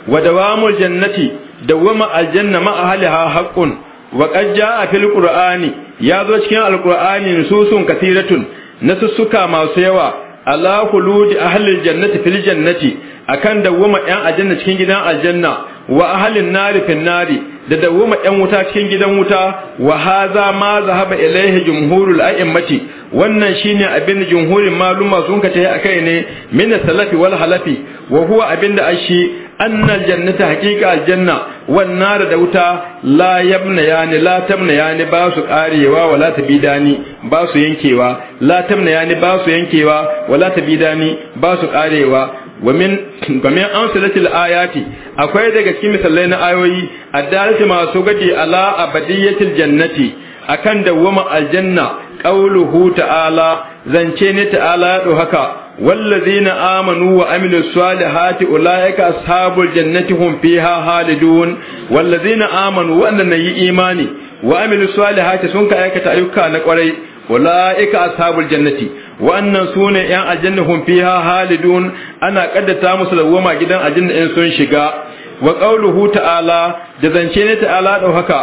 wa dawamul jannati dawama aljanna ma ahliha haqqun wa qad jaa fil qur'ani ya zo cikin alqur'ani nususun kasiratun nasussuka masu yawa ala khuludi ahlil jannati fil jannati akan dawwama yan aljanna cikin gidan aljanna wa ahlin nari fil nari da dawoma yan wuta cikin gidan wuta wa haza ma zahaba ilaihi jumhurul a'immati wannan shine abin da jumhurin maluma sun ka tayi akai ne min salafi wal halafi wa huwa abin da ashi annal jannata haqiqa al janna wan nar da wuta la yabna yani la tamna yani ba su karewa wala tabidani ba su yankewa la tamna yani ba su yankewa wala tabidani ba su karewa ومن ومن أمثلة الآيات أكوي دغا cikin misalai na ayoyi addalati masu gwaji ala abadiyatil jannati akan dawwama aljanna qauluhu ta'ala zance ne ta'ala ya do haka wallazina amanu wa amilu salihati ulaika ashabul jannati hum fiha halidun wallazina amanu wa yi imani wa amilu salihati sun aikata ayyuka na kwarai ulaika ashabul jannati wa'annan sune yan aljanna hum ha halidun ana kaddata musu da goma gidan aljanna in sun shiga wa qauluhu ta'ala da zance ne ta'ala da haka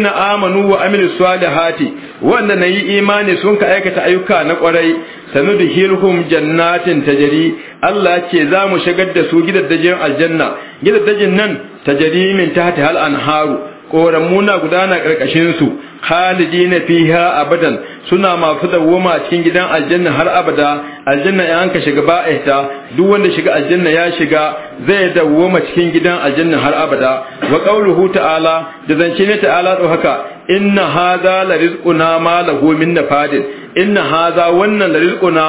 na amanu wa amilu salihati wanda yi imani sun ka aikata ayyuka na kwarai sanudhilhum jannatin tajri Allah ce za mu shigar da su gidaddajin aljanna gidaddajin nan tajri min tahta hal anharu koran muna gudana karkashin su khalidina fiha abadan suna masu dawoma cikin gidan aljanna har abada aljanna ya anka shiga ba ita duk wanda shiga aljanna ya shiga zai dawoma cikin gidan aljanna har abada wa qauluhu ta'ala da zance ne ta'ala do haka inna hadha la rizquna ma lahu min nafadin inna hadha wannan la rizquna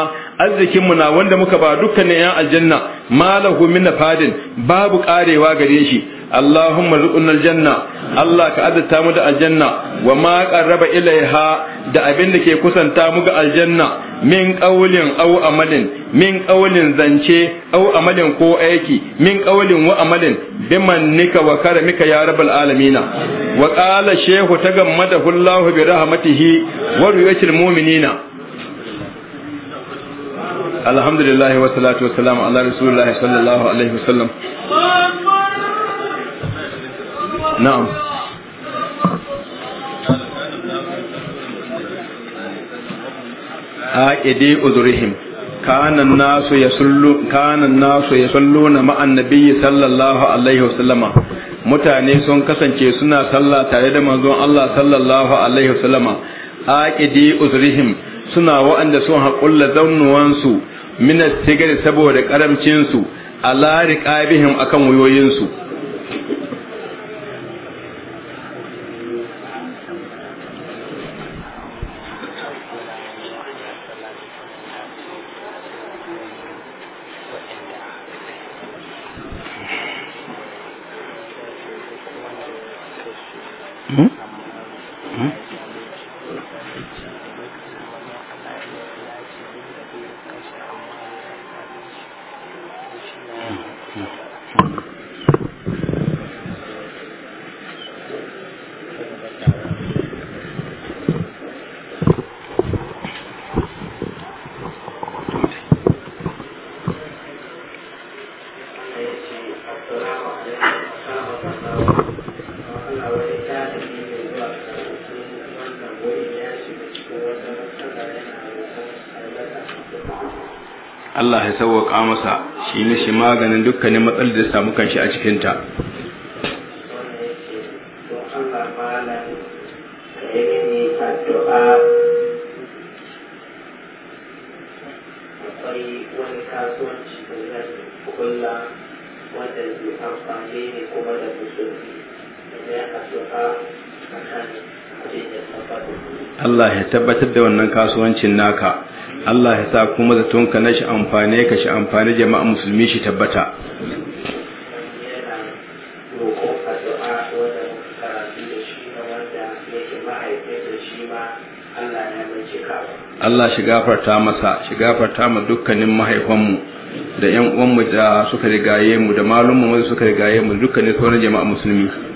mu na wanda muka ba dukkanin yan aljanna ma lahu min nafadin babu karewa gare shi Allahumma zuqna aljanna Allah ka azata mu da aljanna wa ma qarraba ilaiha da abin da ke kusanta mu ga aljanna min qawlin aw amalin min qawlin zance aw amalin ko aiki min qawlin wa amalin biman nika wa karamika ya rabbal alamina wa qala shaykhu tagammadahu Allah bi rahmatihi wa ruyatil mu'minina alhamdulillah wa salatu wa salam ala rasulillah sallallahu alaihi wasallam na'am aqidi uzurihim kana an-nasu yasullu kana an-nasu yusalluna ma'an nabiyyi sallallahu alaihi wasallama mutane sun kasance suna sallah tare da manzon Allah sallallahu alaihi wasallama aqidi uzurihim suna waɗanda sun haƙulla zaunuwansu su tigari saboda karamcinsu ala riqabihim akan wayoyinsu maganin dukkanin matsalar da samu kanshi a cikinta Allah ya tabbatar da wannan kasuwancin naka Allah ya sa kuma tunka na shi amfane ka shi amfani jama'a musulmi shi tabbata Allah shi gafarta masa shi gafarta ma dukkanin mahaifanmu da 'yan uwanmu da suka rigaye mu da malummu da suka rigaye mu dukkanin sauran jama'a musulmi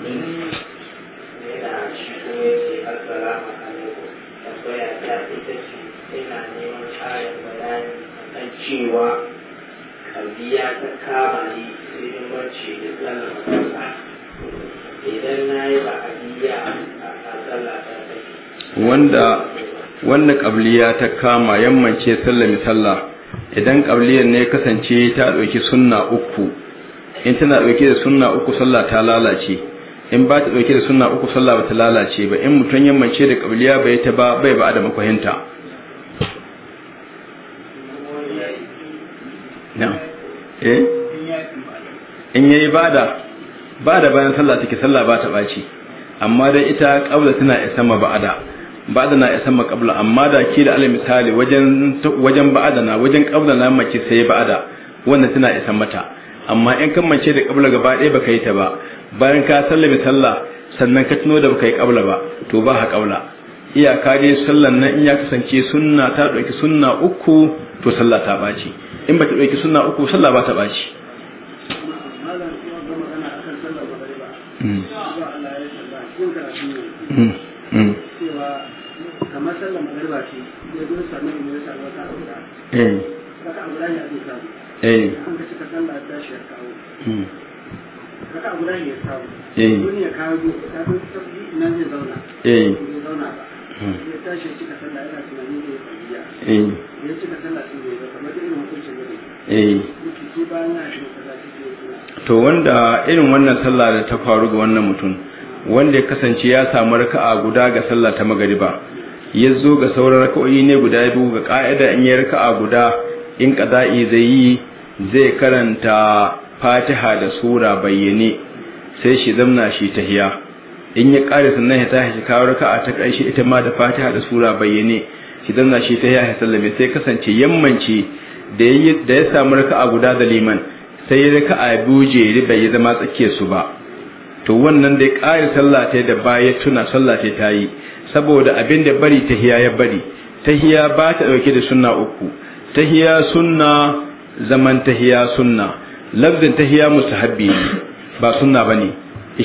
da qabliya ta kama yammance sallami sallah idan qabliyar ne kasance ta dauki sunna uku in tana dauke da sunna uku sallah ta lalace in ba ta dauke da sunna uku sallah ba ta lalace ba in mutun yammance da qabliya bai ta ba bai ba da makwahinta na'am eh in yayi ba bada bayan sallah take sallah ba ta baci amma dai ita qabla tana isa ma ba'ada ba'adana ya san qabla amma da ke da alal misali wajen wajen ba'adana wajen qabla na mace sai ba'ada wannan tana isan mata amma in kan mace da qabla gaba ɗaya baka yi ta ba bayan ka sallame sallah sannan ka tuno da baka yi qabla ba to ba ha qabla iyaka dai sallan nan in ya kasance sunna ta dauki sunna uku to sallah ta baci in ba ta dauki sunna uku sallah ba ta baci Mm. Hmm. kamar sallar magariba ce ya zo sami ne ya sami wata abuda eh raka abuda ne abu samu eh an ka cika sallar ta shi ya kawo hmm. raka abuda ne ya kawo eh duniya kawo ta zo ta bi ina zai zauna eh zai zauna ba hmm. ya tashi cika sallah yana tunanin eh. da ya fadiya eh ya cika sallah sun zai zauna kamar irin hukuncin da eh ke bayan ya shi kaza ke to wanda irin wannan sallah da ta faru ga wannan mutum wanda ya kasance ya samu raka'a guda ga sallah ta magariba ya zo ga sauran raka'o'i ne guda biyu ga ka'ida in yi raka'a guda in qada'i zai yi zai karanta fatiha da sura bayyane sai shi zamna shi tahiya in ya ƙare sannan ya tashi kawo raka'a ta ƙarshe ita ma da fatiha da sura bayyane shi zamna shi tahiya ya sallame sai kasance yammanci da ya samu raka'a guda da liman sai raka'a biyu jeri bai zama tsakiyar su ba to wannan da ya ƙari sallah ta da baya tuna sallah ta ta yi saboda abin da bari ta hiya ya bari ta hiya ba ta ɗauke da sunna uku ta hiya sunna zaman ta hiya sunna lafzin ta hiya mustahabbi ba sunna ba ne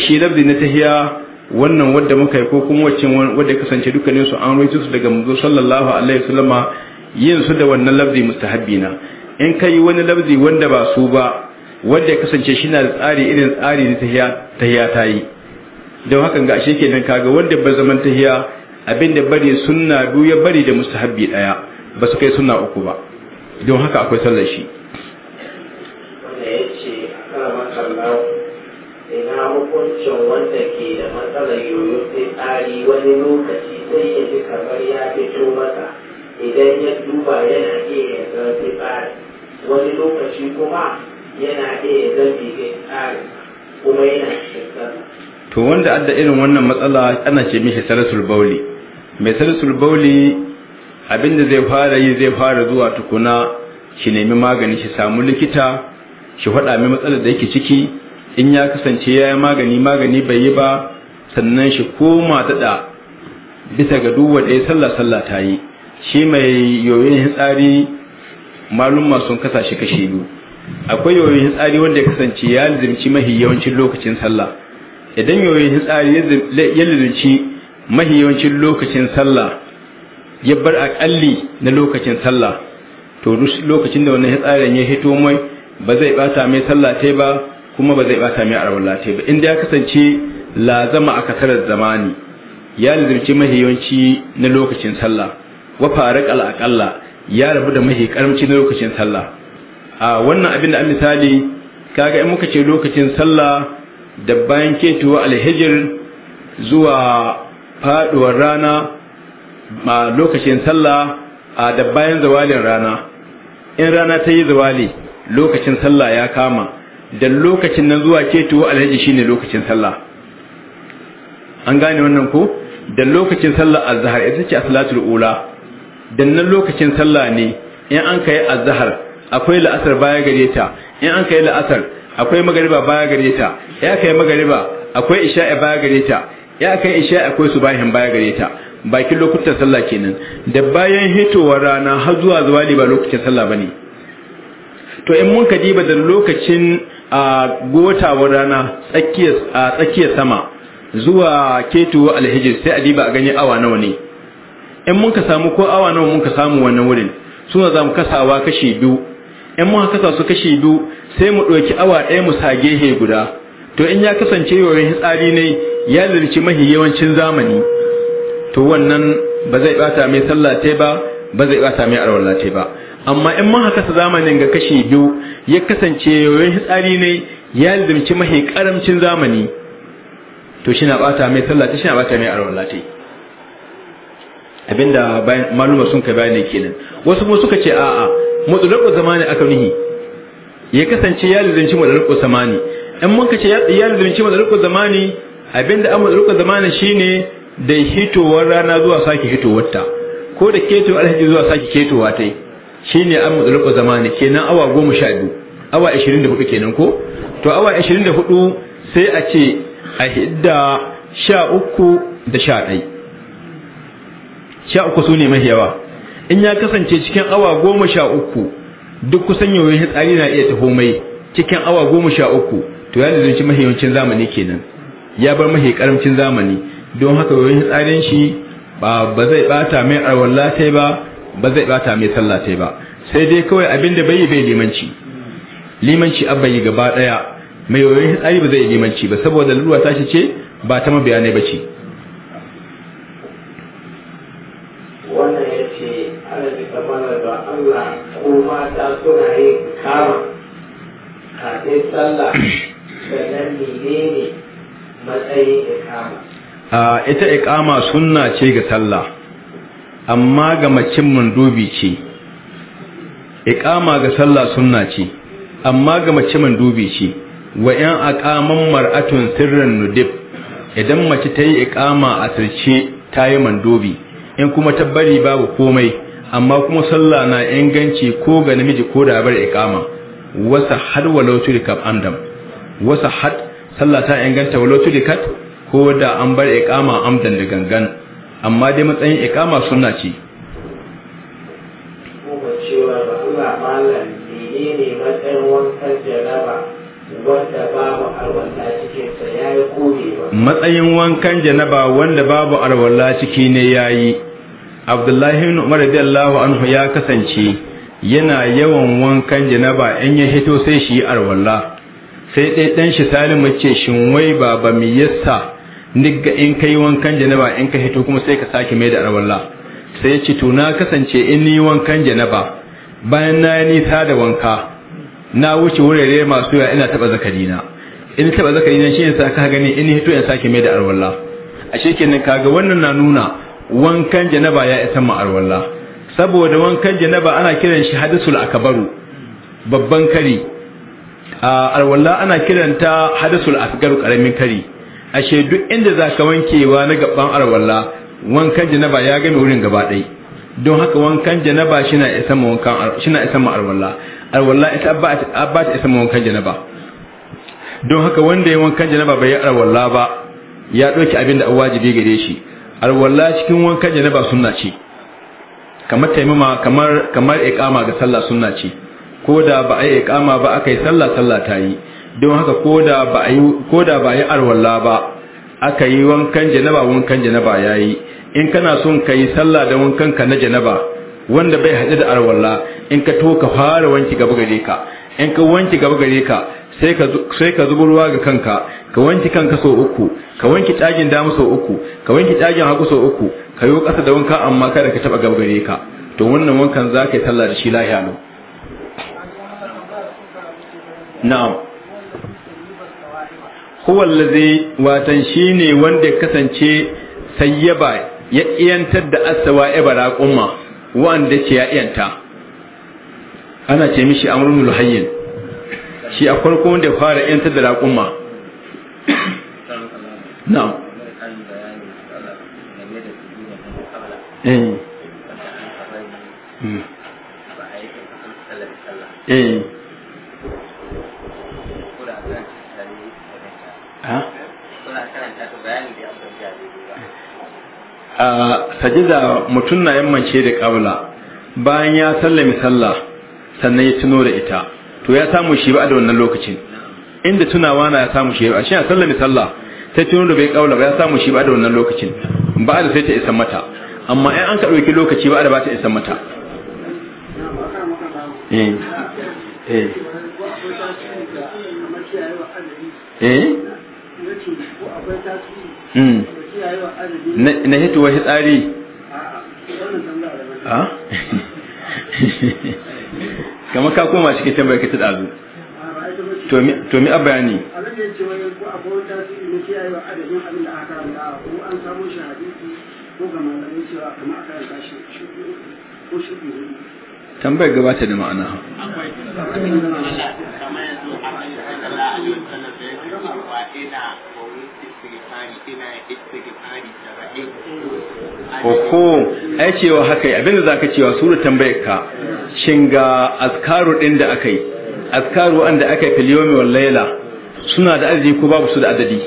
shi lafzin na ta hiya wannan wadda muka yi ko kuma wacce wadda kasance dukkanin su an roito su daga manzo sallallahu alaihi wasallama yin su da wannan lafzi mustahabbi na in kai wani lafzi wanda ba su ba wanda ya kasance shi na da tsari irin tsari ta tahiya ta yi don hakan ga ashe nan kaga wanda ba zaman tahiya abinda bari sunna biyu ya bari da mustahabbi daya ba su kai sunna uku ba don haka akwai sallar shi ina hukuncin wanda ke da matsalar yoyo sai tsari wani lokaci kamar ya idan ya duba yana iya yanzu zai tsari wani lokaci kuma yana iya zama ya tsari kuma yana shakka to wanda adda irin wannan matsala ana ce mishi salasul bauli mai salasul bauli abinda zai fara yi zai fara zuwa tukuna shi nemi magani shi samu likita shi faɗa mai matsalar da yake ciki in ya kasance ya yi magani magani bai yi ba sannan shi koma daɗa bisa ga duk wanda ya sallah sallah ta yi shi mai yoyin tsari malumma sun kasa shi kashi biyu akwai yoyin tsari wanda ya kasance ya lizimci mahi yawancin lokacin sallah idan yoyin tsari ya lizimci mahi yawancin lokacin sallah ya bar akalli na lokacin sallah to lokacin da wannan tsarin ya hito mai ba zai bata mai sallah ta ba kuma ba zai bata mai arwala ta ba inda ya kasance lazama a kasarar zamani ya lizimci mahi yawanci na lokacin sallah wa faraq al aqalla ya rabu da mahi karamci na lokacin sallah a wannan abin da an misali kaga in muka ce lokacin sallah da bayan ketuwa alhijir zuwa faduwar rana a lokacin sallah a da bayan zawalin rana in rana ta yi zawali lokacin sallah ya kama da lokacin nan zuwa ketuwa alhijir shine lokacin sallah an gane wannan ko da lokacin sallah azhar ita ce salatul ula dan nan lokacin sallah ne in an kai azhar akwai la'asar baya gare ta in an kai la'asar akwai magariba baya gare ta ya kai magariba akwai isha'i baya gare ta ya kai isha'i akwai subahin baya gare ta bakin lokutan sallah kenan da bayan hitowar rana har zuwa zawali ba lokacin sallah bane to in mun kadiba da lokacin a gotawar rana tsakiyar sama zuwa keto alhijir sai a diba a gani awa nawa ne in mun ka samu ko awa nawa mun ka samu wannan wurin suna zamu kasawa kashi biyu in muka haka su kashi biyu sai mu ɗauki awa ɗaya mu sa he guda to in ya kasance yorin hitsari ne ya lalci mahi yawancin zamani to wannan ba zai bata mai sallah ta ba ba zai bata mai arwalla ta ba amma in mun haka zamanin ga kashi biyu ya kasance yorin hitsari ne ya lalci mahi karamcin zamani to shi na bata mai sallah ta shi na bata mai arwalla ta abinda maluma sun ka bayani kenan wasu kuma suka ce a'a mutlaqu zamani aka nihi ya kasance ya lulunci mutlaqu zamani in mun ce ya lulunci mutlaqu zamani abinda an mutlaqu zamani shine da hitowar rana zuwa sake ta ko da keto alhaji zuwa sake ketowa tai shine an mutlaqu zamani kenan awa biyu. awa 24 kenan ko to awa 24 sai a ce a hidda sha uku da sha ɗai sha uku su ne mahiyawa in ya kasance cikin awa goma sha uku duk kusan yawan hitsari na iya taho mai cikin awa goma sha uku to ya lalace mahiyancin zamani kenan ya bar mahi karamcin zamani don haka yawan hitsarin shi ba zai bata mai arwalla tai ba ba zai bata mai sallah tai ba sai dai kawai abin da bai bai limanci limanci abba yi gaba daya mai yawan hitsari ba zai limanci ba saboda lura shi ce ba ta mabiya ne ce. ko ta suna yin kama kafin sallah nan ne ne matsayin ikama a ah, ita ikama sunna ce ga sallah amma ga macin mandubi ce ikama ga sallah sunna ce amma ga mace mandubi ce wa yan aqaman mar'atun sirran nudib idan mace ta yi ikama a sirce ta yi mandubi in kuma ta bari babu komai amma kuma sallah na inganci ko ga namiji ko da bar iqama wasa had walau turikab amdam wasa had sallah ta inganta walau turikat ko da an bar iqama amdan da gangan amma dai matsayin iqama sunna ce matsayin wankan janaba wanda babu alwala ciki ne yayi abdullahi ibn umar radiyallahu anhu ya kasance yana yawan wankan janaba in ya hito sai shi arwalla sai dai dan shi salimu ce shin wai baba me yasa nigga in kai wankan janaba in ka hito kuma sai ka sake mai da arwalla sai ya ce to na kasance in ni wankan janaba bayan na yi nisa da wanka na wuce wurare masu yawa ina taba na in taba na shi yasa ka gani in hito in sake mai da arwalla ashe kenan kaga wannan na nuna wankan janaba ya isa ma'arwalla saboda wankan janaba ana kiran shi hadisul akbaru babban kari arwalla ana kiranta hadisul asgar karamin kari ashe duk inda zaka wankewa na gaban arwalla wankan janaba ya gami wurin gaba dai don haka wankan janaba shina isa ma wankan shina isa ma arwalla arwalla ita abba ta isa ma wankan janaba don haka wanda ya wankan janaba bai arwalla ba ya doki abinda wajibi gare shi alwala cikin wankan janaba sunna ce kamar taimama kamar kamar iqama ga sallah sunna ce ko da ba a yi iqama ba aka yi sallah sallah ta yi don haka ko da ba a yi ko ba yi alwala ba aka yi wankan janaba wankan janaba yayi in kana son ka yi sallah da wankan ka na janaba wanda bai haɗu da alwala in ka to ka fara wanki gaba gare ka in ka wanki gaba gare ka sai ka sai ka zubo ruwa ga kanka ka wanki kanka so uku ka wanke tagin damu sau uku ka wanke tagin hagu sau uku ka yi ƙasa da wanka amma kada ka taɓa gabgare ka to wannan wankan za ka yi sallah da shi lahiya no na'am huwa allazi watan shine wanda ya kasance sayyaba ya iyantar da asawa ibara wanda ce ya iyanta ana ce mishi amrul hayyin shi a farko wanda ya fara iyantar da raƙumma. na'am eh. Eh. sajida mutum na yammance da kabla bayan ya sallami sallah sannan ya tuno da ita to ya samu shi ba da wannan lokacin inda tunawa na ya samu shi ba shi ya sallami sallah sai tuno da bai kaula ba ya samu shi ba da wannan lokacin ba da sai ta isa mata amma in an ka dauki lokaci ba da ba ta isa mata eh eh eh hmm. na wa hitsari a ah? kamar ka koma cikin tambayar ka ta dazu to mi a bayani akwai da ko an tambayar gabata da ma'ana. Oko, ai cewa haka yi abinda za ka cewa sura tambayar ka, shin askaru ɗin da aka yi, askaru wanda aka yi filiyomi wa laila suna da adadi ko babu su da adadi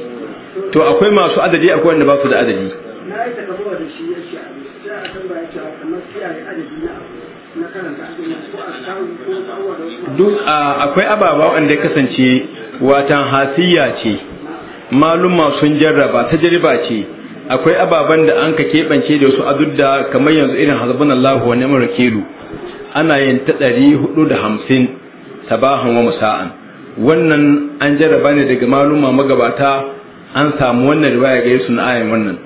to akwai masu adadi akwai wanda ba su da adadi duk akwai ababa wanda ya kasance watan hasiya ce maluma sun jarraba ta jarriba ce akwai ababan da an ka keɓance da wasu adudda kamar yanzu irin hasbun Allah wa ni'mar ana yin ta ɗari huɗu da hamsin sabahan wa musa'an wannan an jarraba ne daga maluma magabata an samu wannan riwaya ga su na wannan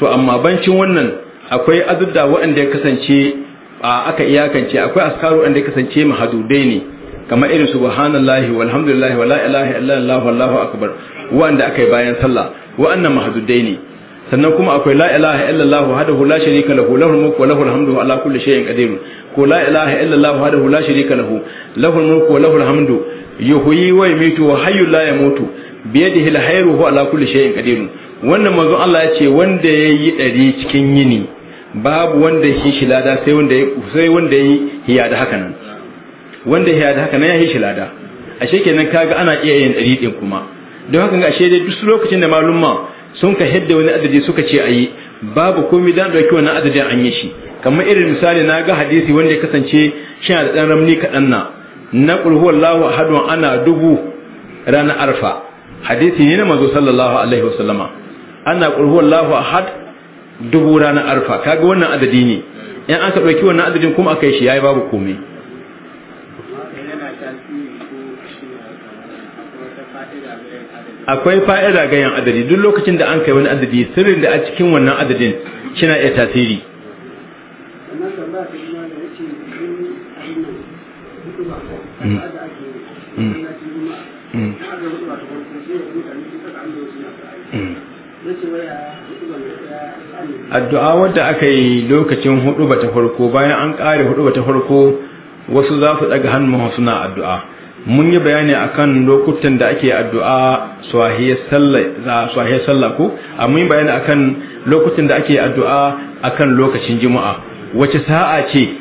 to amma bancin wannan akwai azudda waɗanda ya kasance a aka iyakance akwai askaru waɗanda ya kasance mahadudai ne kamar irin subhanallahi walhamdulillahi wala ilaha illallah wallahu akbar waɗanda aka yi bayan sallah waɗannan mahadudai ne sannan kuma akwai la ilaha illallah wahdahu la sharika lahu lahul mulku wa lahul hamdu ala kulli shay'in qadir ko la ilaha illallah wahdahu la sharika lahu lahul mulku wa lahul hamdu yuhyi wa yumitu wa hayyul la yamutu biyadihi alkhairu wa ala kulli shay'in qadir wannan manzo Allah ya ce wanda yayi dari cikin yini babu wanda shi shi lada sai wanda sai wanda yayi hiya da haka nan wanda hiya da haka nan ya yi shi lada ashe kenan kaga ana iya yin dari din kuma don haka ashe dai duk lokacin da malumma sun ka hidda wani adadi suka ce ayi babu komai dan dauki wannan adadin an yi shi kamar irin misali na ga hadisi wanda ya kasance shi da dan ramni kadan na ƙulhuwallahu ahadun ana dubu ranar arfa hadisi ne na manzo sallallahu alaihi wasallama ana ƙulhuwallahu ahad dubu ranar arfa kaga wannan adadi ne in aka ka ɗauki wannan adadin kuma aka yi shi yayi babu komai akwai fa'ida ga yan adadi duk lokacin da an kai wani adadi sirrin da a cikin wannan adadin kina iya tasiri addu'a wadda aka yi lokacin hudu ta farko bayan an kare hudu ta farko wasu za su daga hannun suna addu'a mun yi bayani akan lokutan da ake addu'a swahiyar sallah ko a mun yi bayani akan lokutan da ake addu'a akan lokacin juma'a wace sa'a ce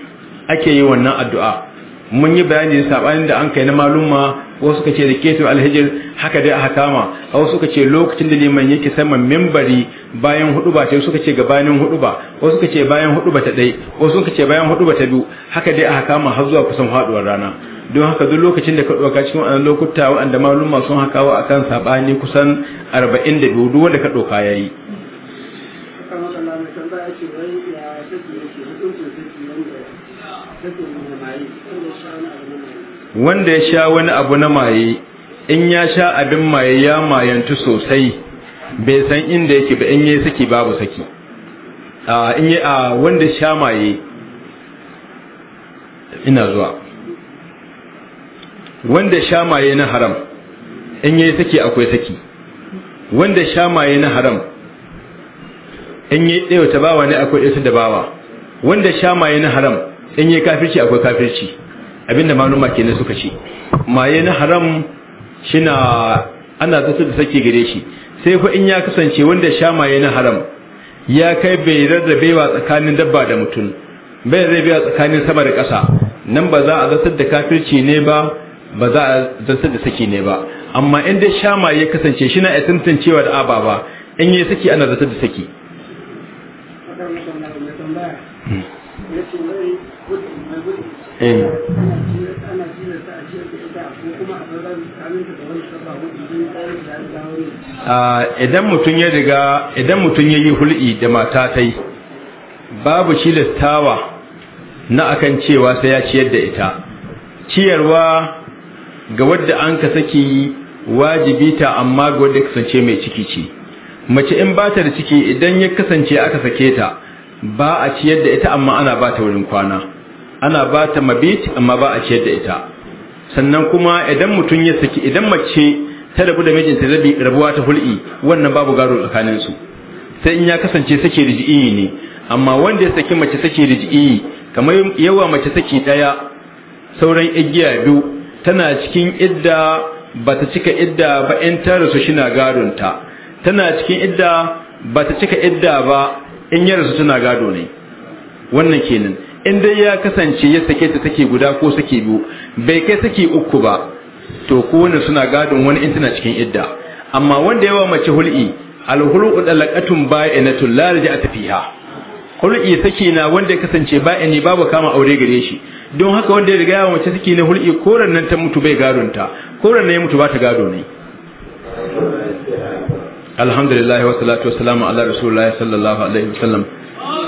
ake yi wannan addu'a mun yi bayani da sabanin da an kai na malumma wasu suka ce da ketu alhijir haka dai aka kama wasu suka ce lokacin da liman yake saman membari bayan hudu ba sai suka ce gabanin hudu ba wasu suka ce bayan hudu ba ta dai wasu suka ce bayan hudu ba ta biyu haka dai a kama har zuwa kusan haduwar rana don haka duk lokacin da ka ɗauka cikin wannan lokuta waɗanda malumma sun hakawa akan sabani kusan biyu duk wanda ka ɗauka yayi wanda ya sha wani abu na maye in ya sha abin maye ya mayantu sosai bai san inda yake ba in yi saki babu saki a in yi a wanda sha maye ina zuwa wanda sha maye na haram in yi saki akwai saki wanda sha maye na haram in yi ɗaya ta bawa ne akwai ɗaya da bawa wanda sha maye na haram in yi kafirci akwai kafirci abinda manuma kenan suka ce maye na haram shina ana zata da sake gare shi sai fa in ya kasance wanda sha maye na haram ya kai bai rarrabewa tsakanin dabba da mutum bai rarrabewa tsakanin sama da ƙasa nan ba za a zata da kafirci ne ba ba za a zata da saki ne ba amma in dai sha maye kasance shi na ya tantancewa da ababa in yi saki ana zartar da saki Eh. idan mutum ya riga idan mutum ya yi hulɗi, da mata ta yi babu listawa na akan cewa sai ya ciyar da ita ciyarwa ga wadda an ka saki wajibi ta amma ga wadda kasance mai ciki ce mace in ba ta da ciki idan ya kasance aka sake ta ba a ciyar da ita amma ana ba ta wurin kwana ana ba ta mabit amma ba a ciyar da ita sannan kuma idan mutum ya saki idan mace ta rabu da mijinta rabi rabuwa ta hul'i wannan babu gado tsakanin su sai in ya kasance sake riji'i ne amma wanda ya saki mace sake riji'i kamar yawa mace saki daya sauran igiya biyu tana cikin idda ba ta cika idda ba in ta rasu shina gadonta tana cikin idda ba ta cika idda ba in ya rasu tana gado ne wannan kenan in dai ya kasance ya sake ta take guda ko sake biyu bai kai sake uku ba to kowane suna gadon wani in tana cikin idda amma wanda yawa mace hul'i alhulu dalaqatun ba'inatun tullari a fiha hul'i sake na wanda ya kasance ne babu kama aure gare shi don haka wanda ya riga yawa mace sake na hul'i koran nan ta mutu bai gadon ta koran nan ya mutu ba ta gado ne alhamdulillah wa salatu wa salamu ala rasulullahi sallallahu alaihi wasallam